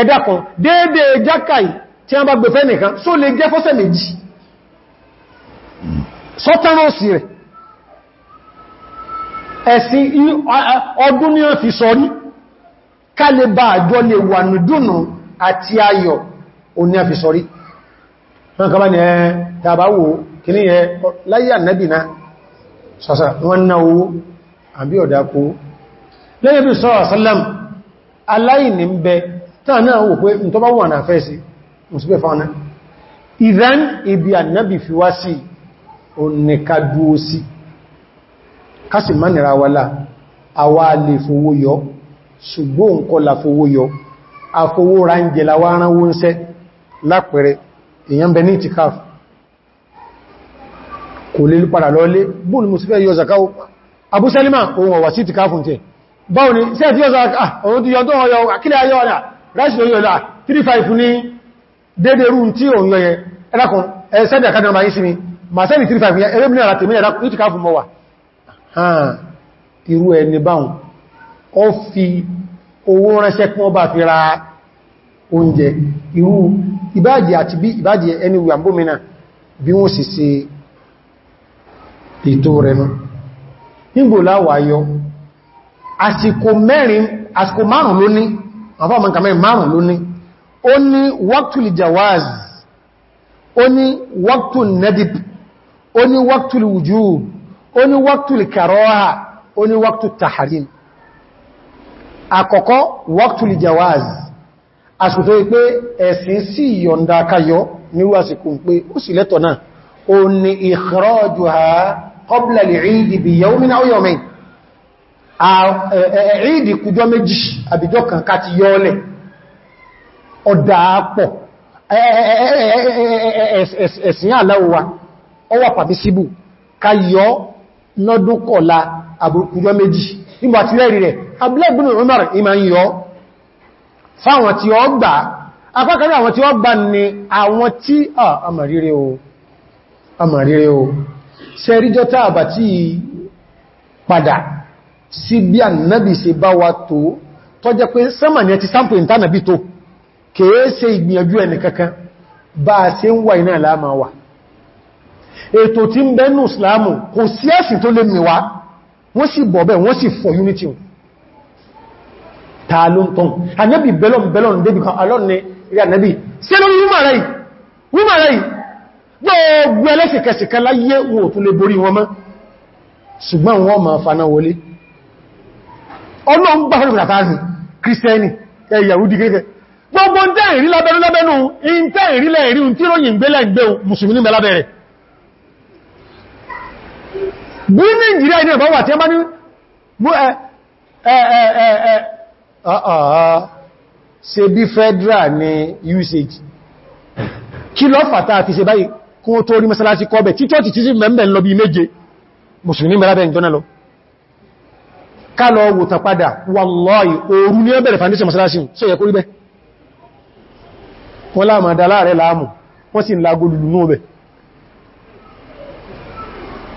ẹ̀dá kan déédé jákàì tí a bá gbẹ̀fẹ́ nìkan só lè jẹ́ fọ́sẹ̀ ẹ̀sìn ọdún ní ọ̀fì sọrí kálẹ̀ bá àjọ lè wà nìdúnà àti ayọ̀ ò ní ọ̀fì sọrí wọ́n kọ́ bá ní ẹ̀ tàbáwò kì ní ẹ láyé ànẹ́bìnà sọ́sà wọ́n ná owó àbí ọ̀dákó lẹ́yìn ìdán ibi ànẹ́bì fi wá sí òníkàdúó sí kásì má nìra wálá àwa lè fowó yọ ṣùgbọ́n nǹkan la fowó yọ afowó ra ń jẹ láwá ránwó ń sẹ́ lápẹẹrẹ èyàn bẹ ní ìtìkáf kò lè padà lọ́lé bóòlù mo sì fẹ́ yọ zakáwó abúsẹ́límà ohun ọ̀wà sí ìtìkáf ń tẹ báwọn ni sí ẹ̀fí ọ̀sán ọ̀run ti yọ tó ọyọ àkílẹ̀ ayọ́ ọ̀dà ráìsì lórí ọ̀dà 35 ní dédé àràtẹ̀mí ẹ̀dàkùn ìtìkáf mọ́ wà haa irú ẹni báhùn ó fi owó ránṣẹ́ kún ọba fi ra oúnjẹ irú ìbájẹ̀ àti bí bi ẹni wàmbómìnà bí wọ́n sì ṣe ètò rẹ̀ nígbò láwàáyọ àsìkò mẹ́rin àsìkò márùn ló ní àwọn mẹ́rin márùn ló ní ó ní jawaz ó ní waqtul nadib ó ní ó ní wọ́ktù lè kàrọ́ha ó ní wọ́ktù tàhàrín àkọ́kọ́ wọ́ktù lè jawaz àsìkò pé ẹ̀sìn sí yọ̀nda kayọ níwú àsìkò pé ó sì lẹ́tọ̀ náà ó ní ha qabla al-eid bi yawmin aw yawmayn eid kùjọ méjì àbíjọ kan ká ti yọ́ọ̀lẹ̀ ọ̀dà pọ̀ ẹ̀sìn aláwọ̀ wa ọwà pàbísíbù ka yọ́ lọ́dún kọ̀lá àbúrúkújọ́ méjì nígbà tí rẹ̀rì rẹ̀ abúlẹ́gbùnù Umar ìmá ń yọ fáwọn tí ó gbà apákarí àwọn tí ó gbà ní àwọn tí àmàríre o àmàríre o sẹ́ríjọ́ tá àbà tí padà sí bí ànábì ṣe bá wa tó tọ́jẹ́ pé sẹ́mà ní ẹ ti sáàpù ìntánàbí tó kèé ṣe ìgbìyànjú ẹnìkankan bá a ṣe ń wà iná àlámà wà ètò tí ń bẹ́nu islamu kò sí ẹ̀sìn tó lè mìíwá wọ́n sì bọ̀bẹ̀ wọ́n sì fọ̀ unity ta ló ń tán anẹ́bì bẹ́lọ̀n bẹ́lọ̀n débi kan alọ́n ni rí anẹ́bì sí lórí wúmà rẹ̀ gbogbo ẹlẹ́sìnkẹsìnkẹ láyé wọn ò tún lè borí wọn mọ́ ṣùgbọ́n wọn ma fana wọlé ọ̀nà ń gbá fọ́lùmù àtàrí kìrìsẹ́nì ẹ̀yàwúdí gẹ́gẹ́ gbogbo ń tẹ́ ìrí lábẹ́rún lábẹ́rún in tẹ́ ìrí lẹ́ẹ̀rí bí Nàìjíríà iná bá wà tí a bá ní ṣe bí federal ní usage kí lọ fàtà àti ṣe báyìí kún tó rí mẹ́sàlásí kọ́bẹ̀ tí chọ́ọ̀tì tí sí mẹ́mẹ́ lọ bí méje mùsùlùmí mẹ́lábẹ̀ ìjọ́nà lọ ká lọ wòtàn padà wallahi òru ní ẹbẹ̀rẹ̀ foundation mẹ́sàlásí sọ yẹ kó rí bẹ́ wọ́n láàmà dá láàrẹ láàmù wọ́n sì ń lagolùlù náà bẹ̀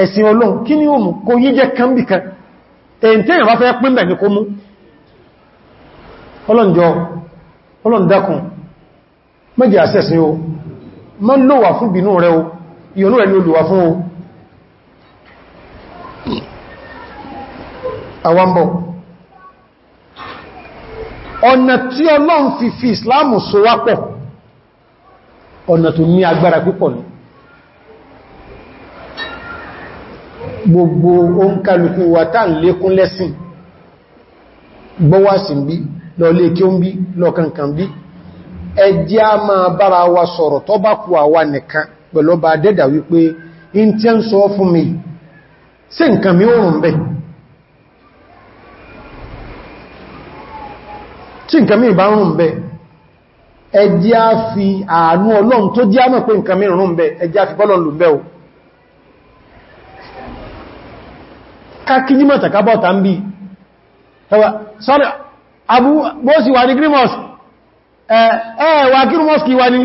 ẹ̀sìn Ọlọ́run kí ni ó mú kó yí jẹ́ kánbìkan èyí bá fẹ́ pín bẹ̀ ní kó mú ọlọ́njọ́ ọlọ́ndakùn mẹ́jẹ àṣẹ́sìn o mọ́ lówà fún bínú rẹ o ìyọnú rẹ ni olùwà fún o àwambọ̀ ọ̀nà tí Ọlọ́run fi fi Ìsìláàmù so wápọ̀ ọ̀nà tó ní agbára púpọ̀ ni gbogbo oúnkàlùkù wà tàn lékún lẹ́sìn gbọ́wàsìn bí lọ kí ó ń bí lọ́kankan bí ẹjẹ́ a máa bára wa sọ̀rọ̀ tó bá kú àwa nìkan pẹ̀lọ bá dẹ́dà wípé in tí ń sọ fún mi sí nǹkan mi oòrùn bẹ́ tí nǹkan mi bá rùn bẹ́ ẹjẹ́ a fi àánú ọlọ́run tó jẹ́ àmọ́ pé nǹkan mi rùn bẹ́ ẹjẹ́ a fi bọ́lọ̀ lù o kákí ní mọ̀tàká bọ́ta ń bí sọ́rọ̀ bóòsì wà ní grimos ẹ̀ẹ̀wà grimos kí wà ní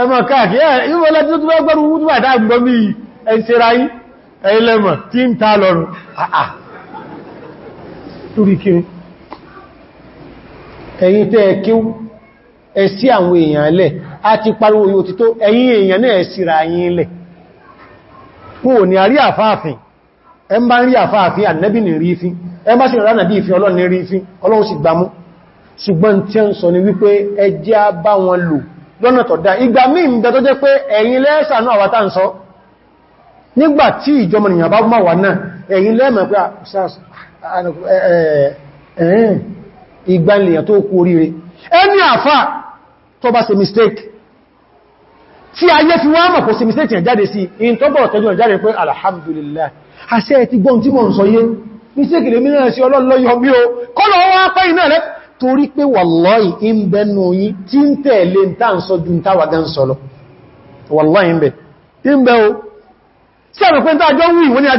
ẹ̀mọ̀ káàkì ẹ̀ẹ̀wọ́lá tí ó túnbẹ̀ gbọ́rù wúdúwà dáàgbọ́ bí ẹ̀ṣẹ́ráyí ẹ̀ẹ́lẹ́mọ̀ tí ń ta lọ́rùn àà lórí kiri ẹ̀yin tẹ́ ẹ̀kí ẹ̀sí àwọn èèyàn lẹ̀ a ti pariwo yóò ti tó ẹ̀yin èèyàn náà ẹ̀sìrà yìí lẹ̀ kò ní àrí àfáàfin ẹn bá ń rí àfáàfí ànẹ́bì ní rí fín ẹn bá sì rán àbí ìfẹ́ ọlọ́run ní rí fín ọlọ́run sì gbámú ṣùgbọ́n tí ń sọ ni wípé ẹjẹ́ bá wọn lò lọ́nà tó dá ìgbà míì ń bẹ tó jẹ́ pé ẹ̀yin lẹ́ẹ̀sànú àwa tí mistake tí ayé fi wá mọ̀ kò ṣe mistake yẹn jáde sí in tó bọ̀rọ̀ tọ́jú jáde pé alhamdulillah àṣẹ ẹ̀ ti gbọ́n tí mọ̀ ń sọ yé ní sí èkèlè mìíràn sí ọlọ́lọ́yọ bí o kọ́lọ̀ wọ́n apá iná rẹ̀ torí pé wàlláhì ń bẹ nù yí tí ń tẹ̀lé ń tàn sọ ju táwà gán sọ lọ wàlláhì ń bẹ ń bẹ o sí ẹ̀rọ pé ń tàjọ wù ìwọ́n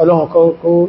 Allah ọlọ́run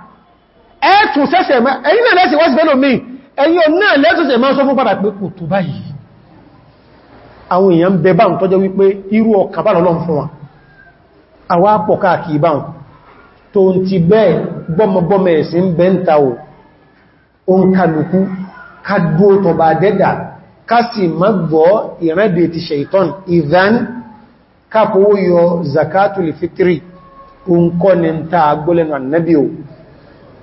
ẹ̀tùn sẹ́sẹ̀ ẹ̀yìn náà lẹ́sẹ̀ wọ́sí fẹ́lò míì ẹ̀yìn náà lẹ́sẹ̀ máa sọ fún padà pé kò tó báyìí àwọn èèyàn bẹ báhùn tọ́jọ́ wípé irú ọkà bá lọ́lọ́m fún wa àwa pọ̀ káàkiri báhùn tó ń ti bẹ́ẹ̀ gbọ́mọgbọ́mẹ ẹ̀sìn bẹ́ ń ta ò ń kàlùkú ká dó tọba dẹ́dà ká sì ni ń ta agbólẹ́nu ànábíò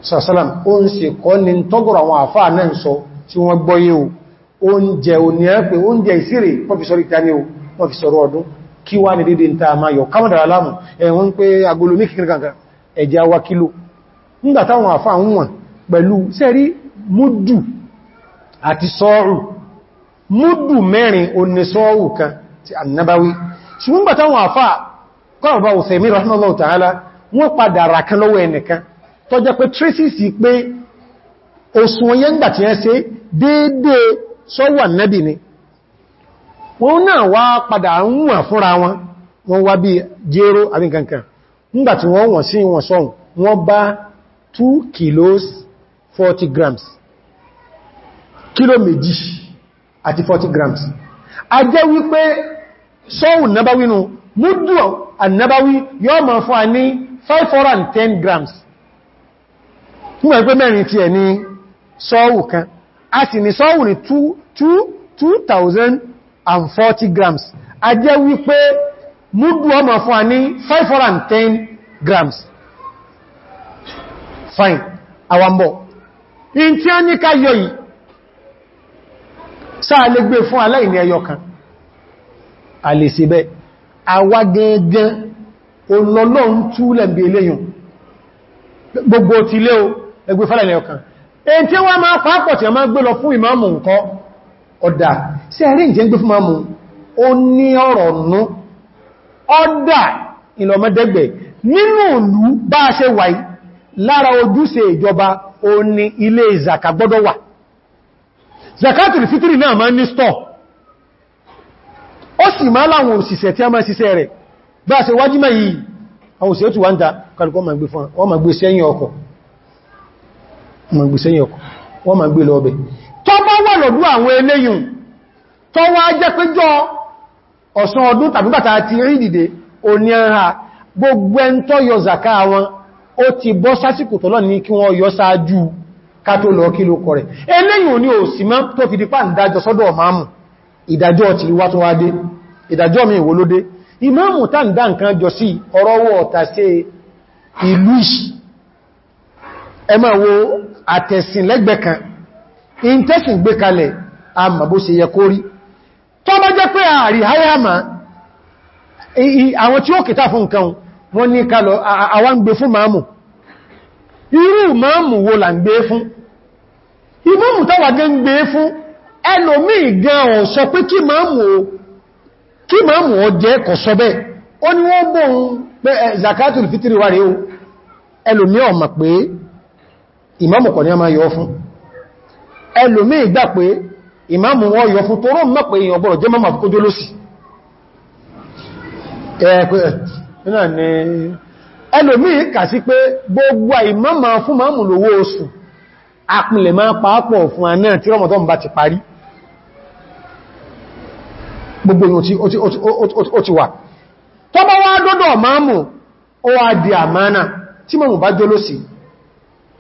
sàṣálàm ó ń se kọ́ ní tọ́gọ̀rọ̀ àwọn àfáà náà sọ tí wọ́n gbọ́yé o oúnjẹ òní ẹ́pẹ́ oúnjẹ ìsírè wọ́n fi sọ́rí ìtaní o wọ́n fi sọ̀rọ̀ ọdún kí wá ní dédé ta máa yọ kámọ̀dára láàmù ẹ̀wọ́n ń pé agolo ní kìrìkàkà ẹ̀já ta'ala wọ́n padà rà kan lọ́wọ́ ẹnìkan tó jẹ́ pé traces pé òsùn oyẹ́ ńgbà tí ẹ ṣe déédé sọ́wà nẹ́bì ni wọ́n náà wá padà ń wọ̀n fúnra wọn wọ́n wá bí jéró àbí ńgbà tí wọ́n wọ̀n sí wọn sọ́hùn wọ́n bá 2 kilos 40 grams kílò méjì àti 40 grams a jẹ́ wípé sọ́hùn nábáwínú múdùn annabawi yóò máa fún a ní 510 grams nígbà pé mẹ́rin tí ẹ̀ ní sọ́wù kan a sì ní sọ́wù ní 2040 grams a jẹ́ wípé múdù ọmọ fún a ní 510 grams fine àwambọ̀ in tí a ní ká yọ yìí sáà lè gbé fún aláìní ẹyọ kan a lè ṣe bẹ́ àwa gẹ́gẹ́ olọ́lọ́ ń túlẹ̀ gbogbo ti lé o ẹgbẹ́ fẹ́lẹ̀ ọkàn èyí tí wọ́n máa pàápọ̀ tí a máa gbé fún ìmáàmù nǹkan ọ̀dà sí ẹ̀rí ìjẹ́ gbé fún máàmù ó ní ọ̀rọ̀ nú ọ̀dà nínú bá ṣe lára ojúṣe ìjọba ó ní ilé ìzàkà gbọ́dọ̀ wà zakatul fitri náà máa ń ma ma gbé sẹ́yìn ọkọ̀ wọ́n ma gbé lọ́ọ̀bẹ̀ tó bá wà lọ́dún àwọn eléyìn tó wá jẹ́ péjọ ọ̀sán ọdún tàbí bàtà ti rí dìde òní ẹ̀rà gbogbo ẹn tó yọ zàká wọn ó ti bọ́ sásìkò tọ́lọ́ ní kí wọ́n yọ sáájú ká tó lọ kí ló kọ rẹ̀ eléyìn òní òsì wo àtẹ̀sìn lẹ́gbẹ̀ kan in tẹ́sìn gbé kalẹ̀ a mọ̀ bó ṣe yẹ kó rí tó bá jẹ́ pé ààrí hayama àwọn tí ó kìtà fún nǹkan wọn ni kalọ̀ àwọn gbé fún máàmù irú máàmù wo là ń gbé fún ìmáàmù táwà gẹ́ ń gbé fún ẹlòmíì gan ọ̀ sọ pé kí máàmù ọ kọ̀ sọ ó ní wọ́n bóhun pé zakatul fitri ìmáàmù kọ̀ ní a máa yọ fún ẹlòmí ìgbà pé ìmáàmù wọ́n yọ fún tó rọ́n mọ́ èèyàn gbọ́rọ̀ jẹ́ máa kójó lósì ẹlòmí kà sí pé gbogbo ìmáàmù fún máàmù lówó oṣù máa pàápọ̀ fún tí bá ti parí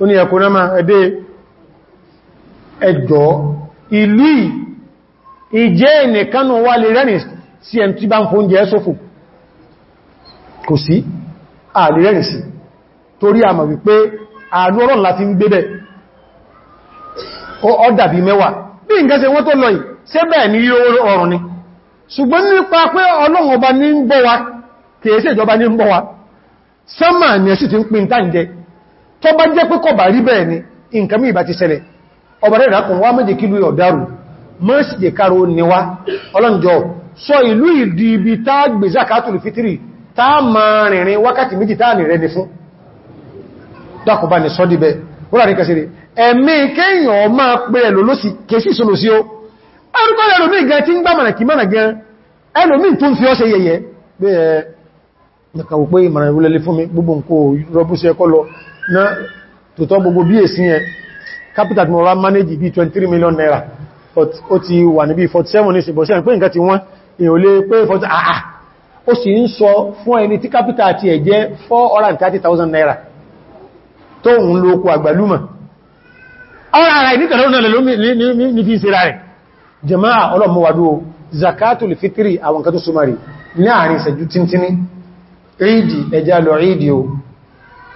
ó ní ẹkùn náà ẹdẹ́ ẹjọ́ ìlú ìjẹ́ ìnìkanù wà lè rẹ́ni sí ẹn tí bá ń fún jẹ́ sófò kò sí ààlè rẹ́ni sí torí àmà wípé àánú ọlọ́run láti ń gbé bẹ̀ ó dàbí mẹ́wàá bí nǹkan ṣùgbọ́n nípa pé ọlọ́run ọba ní ń bọ́ wa kèèṣẹ́ ìjọba ní ń bọ́ wa sánmà ní ẹ̀sì ti ń pin táǹjẹ́ tó bá jẹ́ pé kò bá rí bẹ́ẹ̀ ni nǹkan mí ìbá ti ṣẹlẹ̀ ọba rẹ̀ rákùn wá méje kí lú ọ̀dárù mọ́sídẹ̀ karo níwá ọlọ́njọ́ sọ ìlú ìdìbí tá gbé zakatul fitri tá ma rìnrìn wákàtí méjì tá nì rẹ̀ ni fún dákùnbá ni sọ́díbẹ̀ wọ́n rà ní kẹsìrì ẹ̀mí kéèyàn máa pẹ̀rẹ̀ lòlósì kèsì sólòsí ó ẹrùkọ́ ẹlòmí gan tí ń gbá mànà kì mànà gan ẹlòmí tó ń fi ọ́sẹ̀ yẹyẹ bí ẹ nàkàwò pé ìmàràn ìrúlẹ̀lẹ̀ fún mi gbogbo nǹkan rọbúsẹ́ ẹkọ́ lọ ná tòótọ́ gbogbo bí èsí yẹn capital mọ́ra manage bí 23 million naira o ti wà níbi 47 ní ṣùgbọ́n sẹ́yìn pé nǹkan ti wọ́n èyàn lè pé 40 àà ó sì ń sọ fún ẹni tí capital ti ẹ̀ jẹ́ 430,000 naira to ń lo okò agbaluma ọ̀rọ̀ ara ẹ̀ nítorí náà ní fi ń ṣe rẹ̀ jàmáà ọlọ́mọwàdó zakatul fitri àwọn kan tó súnmọ́ rí láàrin ìṣẹ́jú tíntínní ríìdì ẹjá lọ ríìdì o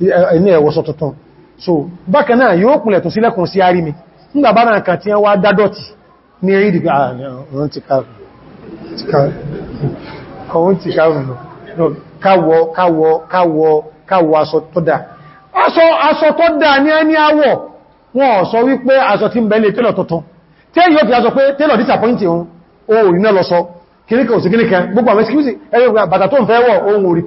ẹni ẹ̀wọ̀sọ̀ tuntun so bákan náà yóò pùlẹ̀ tó sílẹ̀kùn sí àrí mi nígbà bá náà kan tí wọ́n dádọ́tì ní rí dìgbà àwọn ah, ti ní ẹni àwọ̀ gbogbo àwọn bàtà tó ń fẹ́ wọ̀ ohun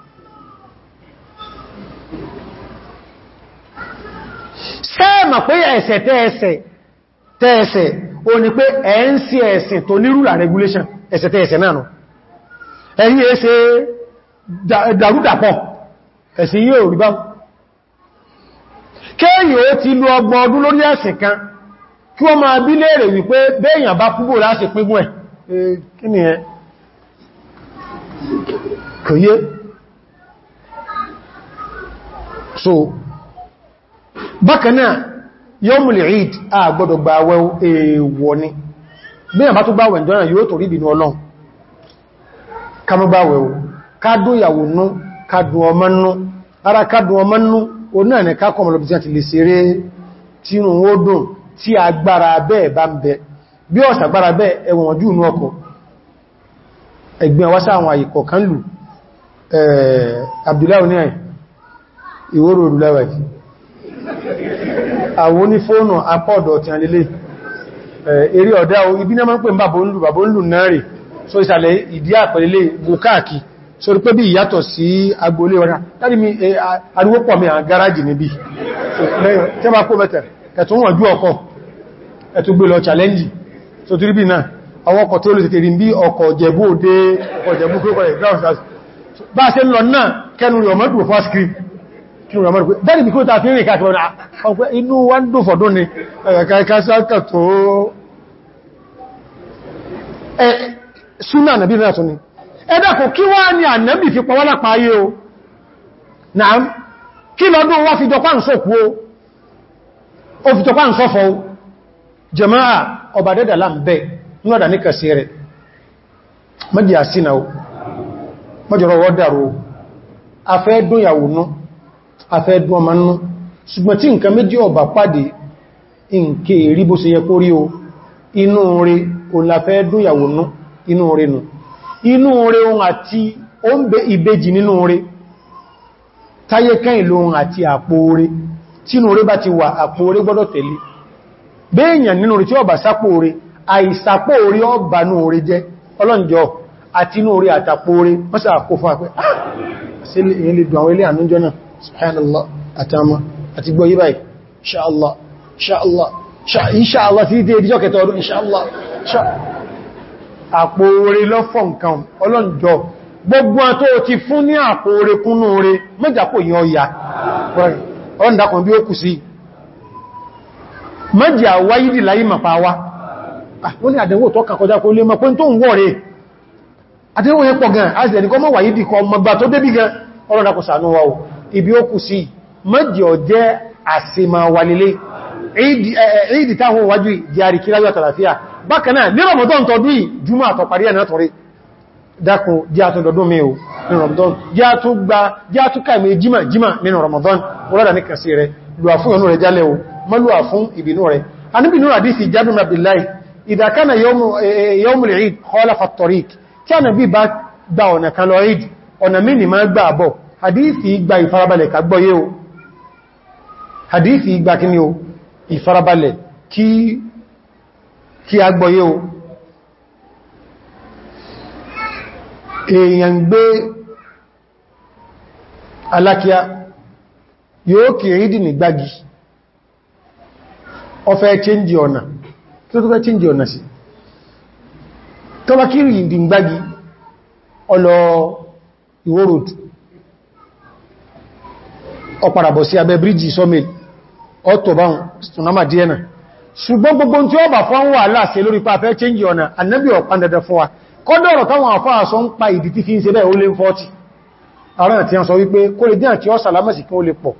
sẹ́ẹ̀mà pé ẹ̀sẹ̀ tẹ́ẹ̀sẹ̀ tẹ́ẹ̀sẹ̀ o ni pé ẹ̀ ń sí ẹ̀sẹ̀ tó ní rúlà regulation ẹ̀sẹ̀ tẹ́ẹ̀sẹ̀ náà nù ẹ̀yí ẹ̀sẹ̀ dàrúdàpọ̀ ẹ̀sìn yóò rí bá kéèyàn ó ti lo ọgbọ̀n ọdún lórí ẹ̀sìn kan kí wọ́n máa bí léèrè wípé béèyàn bá púpọ̀ láti pígún ẹ̀ kí ni ẹ kò yé so bákanáà yawmul Eid a gbọ́dọ̀ gba àwẹ̀ èèwọ̀ ni bí àbá tó gbáwẹ̀ ìjọ́nà yóò tó rí ìbínú Ọlọ́run ká mọ́ gbáwẹ̀ o kádùn ìyàwó nú kádùn ọmọ nú ara kádùn ọmọ nú o náà ní kákọ̀ ọmọlọ́bí tí a ti lè ṣeré tí rùn ó dùn tí agbára bẹ́ẹ̀ bá ń bẹ bí ọ̀sà agbára bẹ́ẹ̀ ẹwọ̀n àwọn onífóònù apọ́ọ̀dọ̀ ti alélé eré ọ̀dá ibi náà máa ń pè bàbá olù so olù náà rè so ìsàlẹ̀ ìdí àpẹẹlẹ̀ gòkáàkì so rí pé bí ìyàtọ̀ sí agbolé ọ̀rá láti mi ariwo pọ̀ mi àwọn gáràjì níbi tẹ́bà kó ẹ̀tún wọ̀n jú ọkọ̀ ẹ̀tún gbé kírùn ọmọ rẹ̀ bẹ́rẹ̀ bí kí ó ta fi ń rìn káàkiri ọ̀pẹ́ inú wa dùn fọ̀dún ni ẹ̀kàkàkà tó súnà nàbí rẹ̀ tó ni ẹ̀dàkù kí wá ní ànábì fi o náà kí lọ́dún wá fi o o ọba dúnyàwó náà afẹ́dún ọmọ nú ṣùgbọ́n tí nǹkan méjì ọba pàdé nke rí bó ṣe yẹ kó rí o inú rẹ̀ olàfẹ́dún yàwó nú inú rẹ̀ nù inú rẹ̀ ohun àti oúnbẹ ìbejì nínú rẹ̀ táyé kẹ́yìn lóhun àti àpò rẹ̀ tínú rẹ̀ bá ti wà àpò rẹ̀ gbọ́dọ̀ tẹ̀lé béèyàn nínú rẹ̀ tí ọba sápò àti inú rẹ̀ àtàpò rẹ̀ wọ́n sàkó fún àpẹ́ sí ilé ìdùn àwọn ilé ànújọ́ náà subhanallah àtàmà àti gbọ́ yí báyìí inṣáàlá inṣáàlá inṣáàlá tí dé ìdíjọ́ kẹta ọdún inṣáàlá àpò orí lọ́fọ́ nǹkan ọlọ́njọ́ gbogbo àtó ti fún ní àpò orí kúnnú orí mẹ́jàpò yí ọya ọ̀ndàkùn bí ó kù sí mẹ́jà wáyìdì láyé màpá wá wọ́n ni àdẹ̀wò tó kàkọjá kó lé mọ́ pé tó ń wọ́ rẹ̀ àdẹ̀wò yẹn pọ̀ gan-an àti ẹ̀nìkan mọ́ wáyìdì kọ mọ́gbà tó débì gan ọlọ́dàkùn sànú wa o ibi ó kù sí mọ́jì ọjẹ́ àsìmà wàlélé ìdí táhùn wájú ìdíyàrí kí láyọ̀ tàlàfíà bákanáà ní Ramadan tọdún yìí jùmọ́ àtọ̀parí ẹ̀nà tọ̀rí dákùn jẹ́ àtún dọdún mi o ní Ramadan jẹ́ àtún gba jẹ́ àtún kàmì jímà jímà nínú Ramadan wọ́lọ́dà ní kàsí rẹ̀ lùwà fún ọ̀nà rẹ̀ jálẹ̀ o mọ́lùwà fún ìbínú rẹ̀ anúbìnú àdísì jádùn abdullahi ìdàkánà yọ́mùlẹ̀ ìd gba ọ̀nà hadithi igba ìfarabalẹ̀ kagbọ́yé o hadithi igba kí ifarabale, ki ki kí kí agbọ́yé o èèyàn gbé alákíá yóò kìí dì ní gbági ọfẹ́ change ọ̀nà tí ó tó change ọ̀nà sí tọ́bá kí rí ìdí gbági ọlọ ìwòròdù ọparabọ̀ sí abẹ́ bríjì sọ́mìl ọtọ̀báhùn tsunama díẹ̀nà ṣùgbọ́n gbogbo tí ó bà fún wà láàṣẹ lórí pa fẹ́ change ọ̀nà annabi ọ̀pá dandan fún wa kọ́dọ̀rọ̀ táwọn àfáà sọ ń pa ìdí tí fi ń ṣe bẹ́ẹ̀ ó lé 40 ara àti àwọn sọ wípé kó lè díẹ̀ tí ó sàlámẹ́sì kí ó lè pọ̀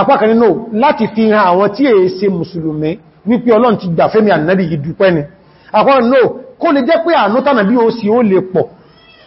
apákan nínú láti fi hàn àwọn tí èé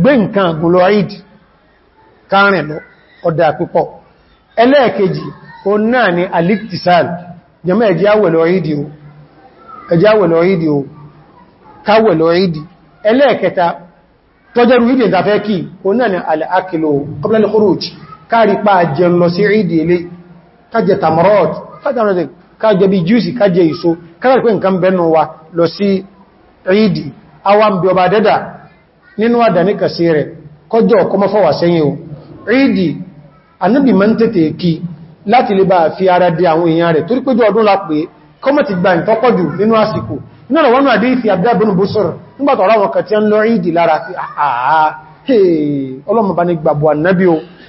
gbé nǹkan gùnlọ́ìd kárìn lọ ọ̀dà púpọ̀ ẹlẹ́ẹ̀kejì o náà ni aliktisal jẹmọ́ ẹjẹ́ àwẹ̀lọ́ìdì o káwẹ̀lọ́ìdì ẹlẹ́ẹ̀kẹta tọ́jẹ́rù ìdí ìdáfẹ́ kí o náà ni al'akilo kọbílẹ̀ kúròjì kárí pa jẹun lọ sí ìdí ilé kájẹ tamarot fátàrọ̀dẹ̀ kájẹ bí jùsì kájẹ ìso kájẹ pé nǹkan bẹnu wa lọ sí ìdí awa ń bí ọba dẹ́dà nínú àdáníkàsí rẹ̀ kọjọ́ ọkọmọ́ fọ́wà sẹ́yìn o rídì anábì ma ń tètè kí láti lè bá fi ara di àwọn èèyàn rẹ̀ torí péjọ ọdún lápé kọmọ̀ ti gba ìtọ́pọ̀jù nínú àsìkò nínú wọnú àdé ìfì àbdábínú búsọ̀rọ̀ nígbàtọ̀ ọ̀rọ̀ àwọn kàtí ń ah, ah, ní gbàgbọ́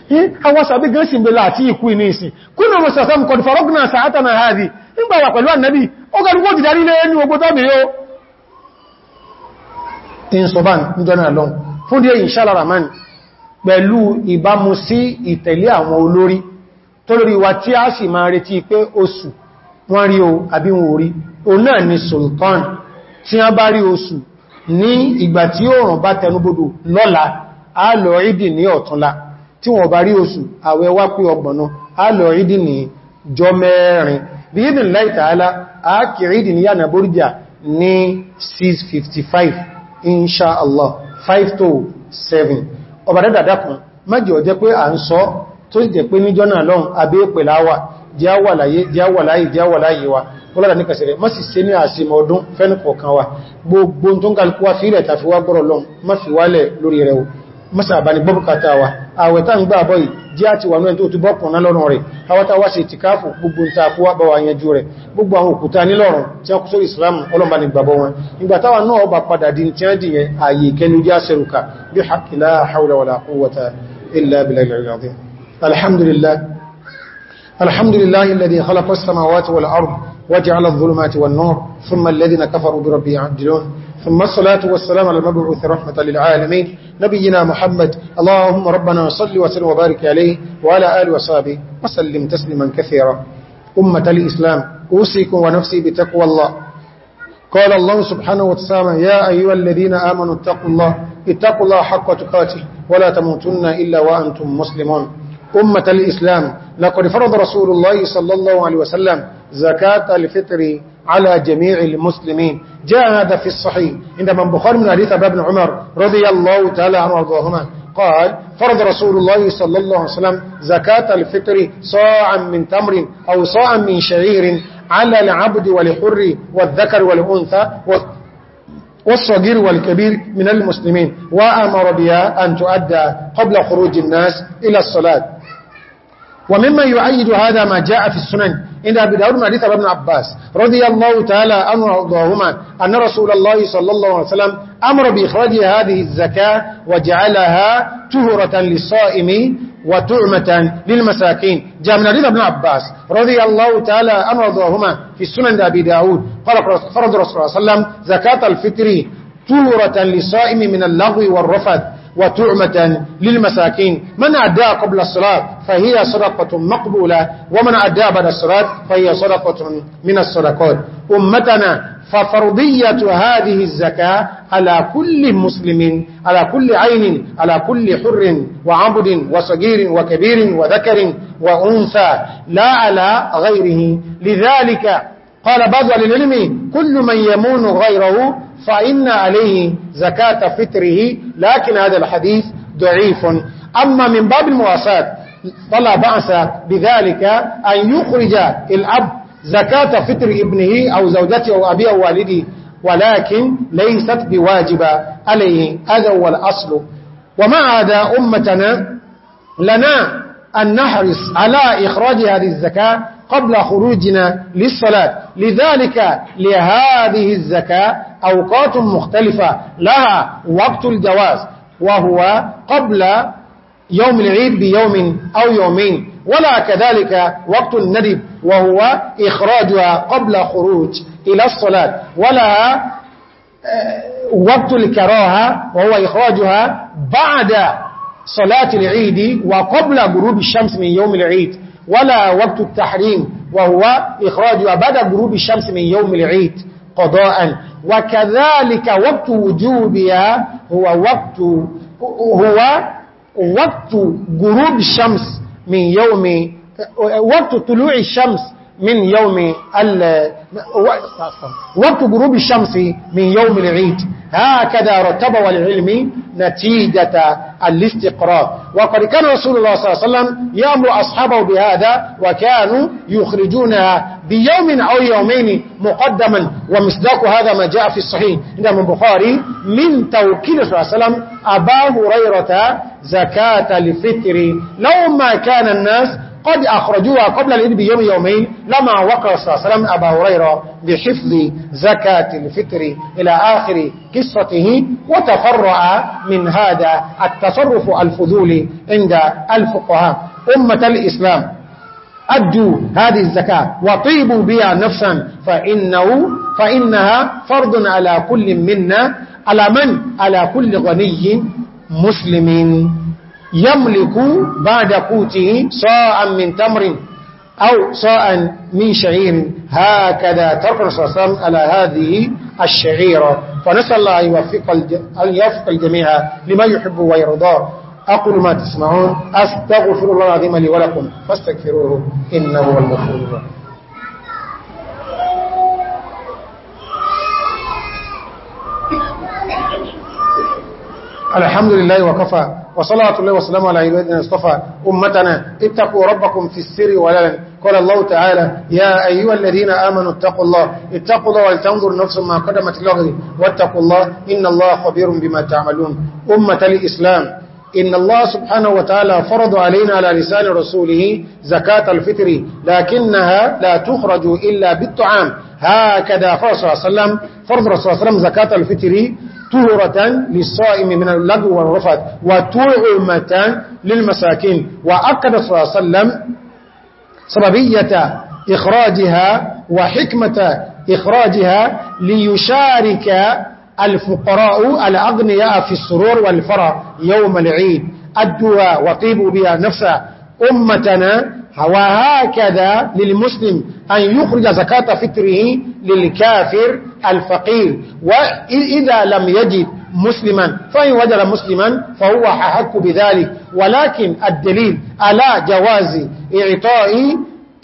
o àwọn sàbí gẹ́sì ń belá àti ikú ní ìsìn kúnnà mọ̀ sàtàmù kọ̀dùfàrọ́gùnà sàátà náà hàbí nígbàwà pẹ̀lú annabi ó gẹ́rùgbò jìdarí in so ban níjọ́nà lọ́n fún díẹ̀ inshallah rahman pẹ̀lú ìbámu sí ìtẹ̀lé àwọn olórí tó lórí wa tí a sì máa retí pé oṣù wọ́n rí o àbí wọn orí o náà ni sultan tí a bá rí oṣù ní ìgbà tí oòrùn bá tẹnubodò lọ́la a lọ ìdì ní ọ̀túnla tí 655 inṣáàlá 5 to 7 ọba dẹ́dà dákùn mẹ́jì ọjẹ́ pé à ń sọ tó jẹ́ pé ní jọ́nà lọ́n abé pèláwà díáwàláyé díáwàláyé díáwàláyé wa ọlọ́dà ní kẹsẹ̀rẹ̀ mọ́ sì se ní àṣìmọ̀ ọdún fẹ́nìkọ̀ọ̀kan wa gbogbo masàbàní gbọ́bùkátà wa àwẹ̀ta ń gbà bọ́ì jẹ́ àti wà náà tó túbọ̀ pọ̀nà lọ́rùn rẹ̀ àwọ́ta wá sí ìtìkáfù gbogbo ń taakú wá bọ́wà yẹnjú rẹ̀ gbogbo àwọn òkúta nílọ́rùn tí a kú sórí Islam ọlọ́mbàní gbàbọ́ wọn ìgbàtàwà náà ọba padà dín tí a dìyẹ ààyè ìkẹnu jẹ́ àṣẹrùka bí la hawla wala quwwata illa billahi ثم الصلاة والسلام على المبعوث رحمة للعالمين نبينا محمد اللهم ربنا صل وسلم وبارك عليه وعلى آل وصحبه وسلم تسلما كثيرا أمة الإسلام أوصيكم ونفسي بتقوى الله قال الله سبحانه وتعالى يا أيها الذين آمنوا اتقوا الله اتقوا الله حق تقاته ولا تموتن إلا وأنتم مسلمون أمة الإسلام لقد فرض رسول الله صلى الله عليه وسلم زكاة الفطر على جميع المسلمين جاء هذا في الصحيح عندما بخار من حديث أبا بن عمر رضي الله تعالى عنه وارضاهما قال فرض رسول الله صلى الله عليه وسلم زكاة الفطر صاعا من تمر أو صاعا من شعير على العبد والحر والذكر والأنثى والصغير والكبير من المسلمين وأمر بها أن تؤدى قبل خروج الناس إلى الصلاة ومما يؤيد هذا ما جاء في السنن عند أبي داود معديث ابن عباس رضي الله تعالى أمر أرضاهما أن رسول الله صلى الله عليه وسلم أمر بإخراج هذه الزكاة وجعلها تهرة للصائم وتعمة للمساكين جاء من عديد ابن عباس رضي الله تعالى أمر أرضاهما في السنن أبي داود قال فرض رسول الله صلى الله عليه وسلم زكاة الفطر تهرة للصائم من اللغو والرفث وتعمة للمساكين من أداء قبل الصلاة فهي صدقة مقبولة ومن أداء بعد الصلاة فهي صدقة من الصدقات أمتنا ففرضية هذه الزكاة على كل مسلم على كل عين على كل حر وعبد وصغير وكبير وذكر وأنثى لا على غيره لذلك قال بعض العلم كل من يمون غيره فإن عليه زكاة فطره لكن هذا الحديث ضعيف أما من باب المواساة فلا بعث بذلك أن يخرج الأب زكاة فطر ابنه أو زوجته أو أبيه أو والده ولكن ليست بواجبة عليه هذا هو الأصل ومع هذا أمتنا لنا أن نحرص على إخراج هذه الزكاة قبل خروجنا للصلاة لذلك لهذه الزكاة أوقات مختلفة لها وقت الجواز وهو قبل يوم العيد بيوم أو يومين ولا كذلك وقت الندب وهو إخراجها قبل خروج إلى الصلاة ولا آه، وقت الكراهة وهو إخراجها بعد صلاة العيد وقبل غروب الشمس من يوم العيد ولا وقت التحريم وهو إخراج وبدى غروب الشمس من يوم العيد قضاء وكذلك وقت وجوبها هو وقت هو وقت غروب الشمس من يوم وقت طلوع الشمس من يوم ال... وقت غروب الشمس من يوم العيد هكذا رتبوا العلم نتيجة الاستقراء وقد كان رسول الله صلى الله عليه وسلم يأمر أصحابه بهذا وكانوا يخرجونها بيوم أو يومين مقدما ومصداق هذا ما جاء في الصحيح عند من بخاري من توكيل صلى الله عليه وسلم أبا هريرة زكاة لفتر لو ما كان الناس قد أخرجوها قبل الإذ بيوم يومين لما وقع صلى الله عليه وسلم أبا هريرة بحفظ زكاة الفطر إلى آخر قصته وتفرع من هذا التصرف الفذول عند الفقهاء أمة الإسلام أدوا هذه الزكاة وطيبوا بها نفسا فإنه فإنها فرض على كل منا على من؟ على كل غني مسلم يملك بعد قوته صاعا من تمر أو صاعا من شعير هكذا ترك على هذه الشعيرة فنسأل الله يوفق أن يوفق الجميع لما يحب ويرضاه أقول ما تسمعون أستغفر الله العظيم لي ولكم فاستغفروه إنه هو المغفور الحمد لله وكفى وصلاة الله وسلام على عبادنا اصطفى أمتنا اتقوا ربكم في السر وللا قال الله تعالى يا أيها الذين آمنوا اتقوا الله اتقوا الله ولتنظر نفس ما قدمت لغري واتقوا الله إن الله خبير بما تعملون أمة الإسلام إن الله سبحانه وتعالى فرض علينا على لسان رسوله زكاة الفطر لكنها لا تخرج إلا بالطعام هكذا فرض صلى الله عليه وسلم فرض رسول الله وسلم زكاة الفطر طهرة للصائم من اللغو والرفث وتعمة للمساكين وأكد صلى الله عليه وسلم صببية إخراجها وحكمة إخراجها ليشارك الفقراء الأغنياء في السرور والفرح يوم العيد أدوها وطيبوا بها نفسها أمتنا وهكذا للمسلم أن يخرج زكاة فكره للكافر الفقير وإذا لم يجد مسلما فإن وجد مسلما فهو حق بذلك ولكن الدليل على جواز إعطاء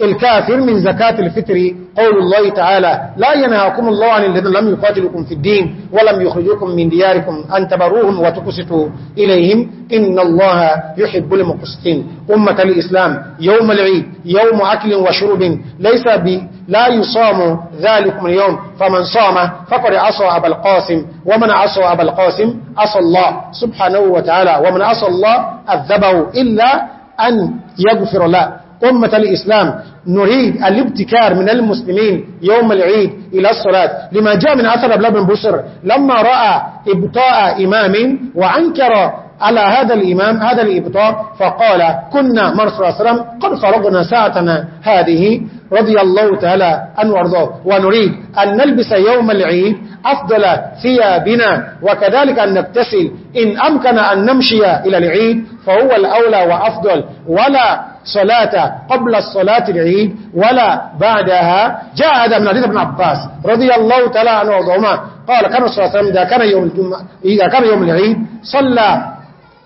الكافر من زكاة الفطر قول الله تعالى لا ينهاكم الله عن الذين لم يقاتلكم في الدين ولم يخرجكم من دياركم أن تبروهم وتقسطوا إليهم إن الله يحب المقسطين أمة الإسلام يوم العيد يوم أكل وشرب ليس بي لا يصام ذلك من يوم فمن صام فقر عصى أبا القاسم ومن عصى أبا القاسم عصى الله سبحانه وتعالى ومن عصى الله أذبه إلا أن يغفر له أمة الإسلام نريد الابتكار من المسلمين يوم العيد إلى الصلاة لما جاء من أثر أبلا بن بسر لما رأى إبطاء إمام وعنكر على هذا الإمام هذا الإبطاء فقال كنا مرسل السلام قد فرضنا ساعتنا هذه رضي الله تعالى أن وارضاه ونريد أن نلبس يوم العيد أفضل ثيابنا وكذلك أن نبتسل إن أمكن أن نمشي إلى العيد فهو الأولى وأفضل ولا صلاة قبل الصلاة العيد ولا بعدها جاء هذا من عديد ابن عباس رضي الله تعالى عنه وضعهما قال كان صلى الله عليه وسلم إذا كان إذا كان يوم العيد صلى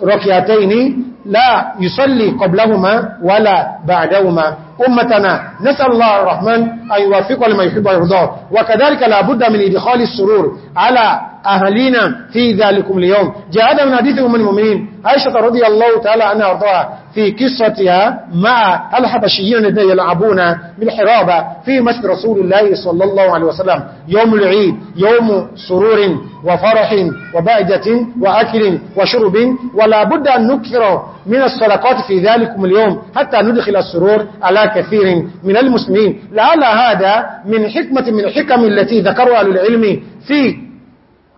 ركعتين لا يصلي قبلهما ولا بعدهما أمتنا نسأل الله الرحمن أن يوافق لما يحب ويرضاه وكذلك لا بد من إدخال السرور على أهلنا في ذلكم اليوم جاءنا من حديث أم المؤمنين عائشة رضي الله تعالى عنها أرضاها في قصتها مع الحبشيين الذين يلعبون بالحرابة في مسجد رسول الله صلى الله عليه وسلم يوم العيد يوم سرور وفرح وبائدة وأكل وشرب ولا بد أن نكثر من الصلاقات في ذلكم اليوم حتى ندخل السرور على كثير من المسلمين لعل هذا من حكمة من الحكم التي ذكرها العلم في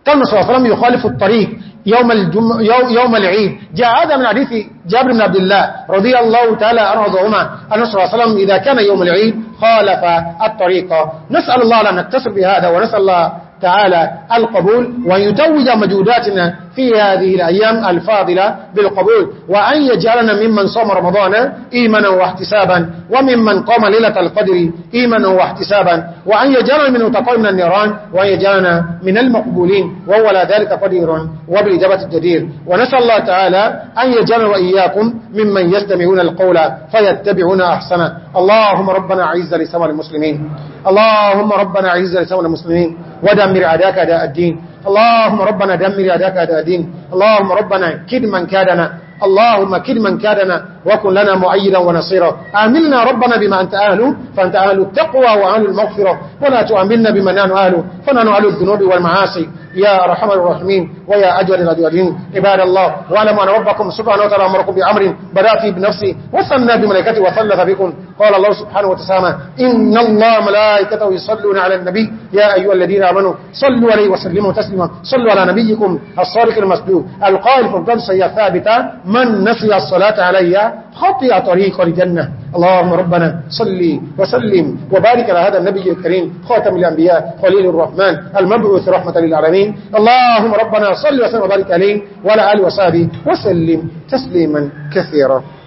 كان صلى الله عليه وسلم يخالف الطريق يوم, الجم... يوم العيد جاء هذا من حديث جابر بن عبد الله رضي الله تعالى عنه أن صلى الله عليه وسلم إذا كان يوم العيد خالف الطريق نسأل الله أن نكتسب بهذا ونسأل الله تعالى القبول وأن يتوج مجوداتنا في هذه الأيام الفاضلة بالقبول وأن يجعلنا ممن صام رمضان إيمانا واحتسابا وممن قام ليلة القدر إيمانا واحتسابا وأن يجعلنا من متقوي من النيران وأن يجعلنا من المقبولين وهو لا ذلك قدير وبالإجابة الجدير ونسأل الله تعالى أن يجعلنا وإياكم ممن يستمعون القول فيتبعون أحسنه اللهم ربنا عز لسوى المسلمين اللهم ربنا عز لسوى المسلمين ودمر عداك أداء الدين اللهم ربنا دمر يدك دين اللهم ربنا كد من كادنا اللهم كل من كادنا وكن لنا معيدا ونصيرا آملنا ربنا بما أنت أهل فأنت أهل التقوى وأهل المغفرة ولا تؤملنا بما نحن أهل فنحن أهل الذنوب والمعاصي يا رحمة الرحمين ويا أجل الأجلين عباد الله وعلم أن ربكم سبحانه وتعالى أمركم بأمر بدأت بنفسي وصلنا بملكته وثلث بكم قال الله سبحانه وتعالى إن الله ملائكته يصلون على النبي يا أيها الذين آمنوا صلوا عليه وسلموا تسليما صلوا على نبيكم الصارق المسجود القائل في القدس هي من نسي الصلاة علي خطي طريق الجنة اللهم ربنا صلي وسلم وبارك على هذا النبي الكريم خاتم الأنبياء خليل الرحمن المبعوث رحمة للعالمين اللهم ربنا صلي وسلم وبارك عليه وعلى آله وصحبه وسلم تسليما كثيرا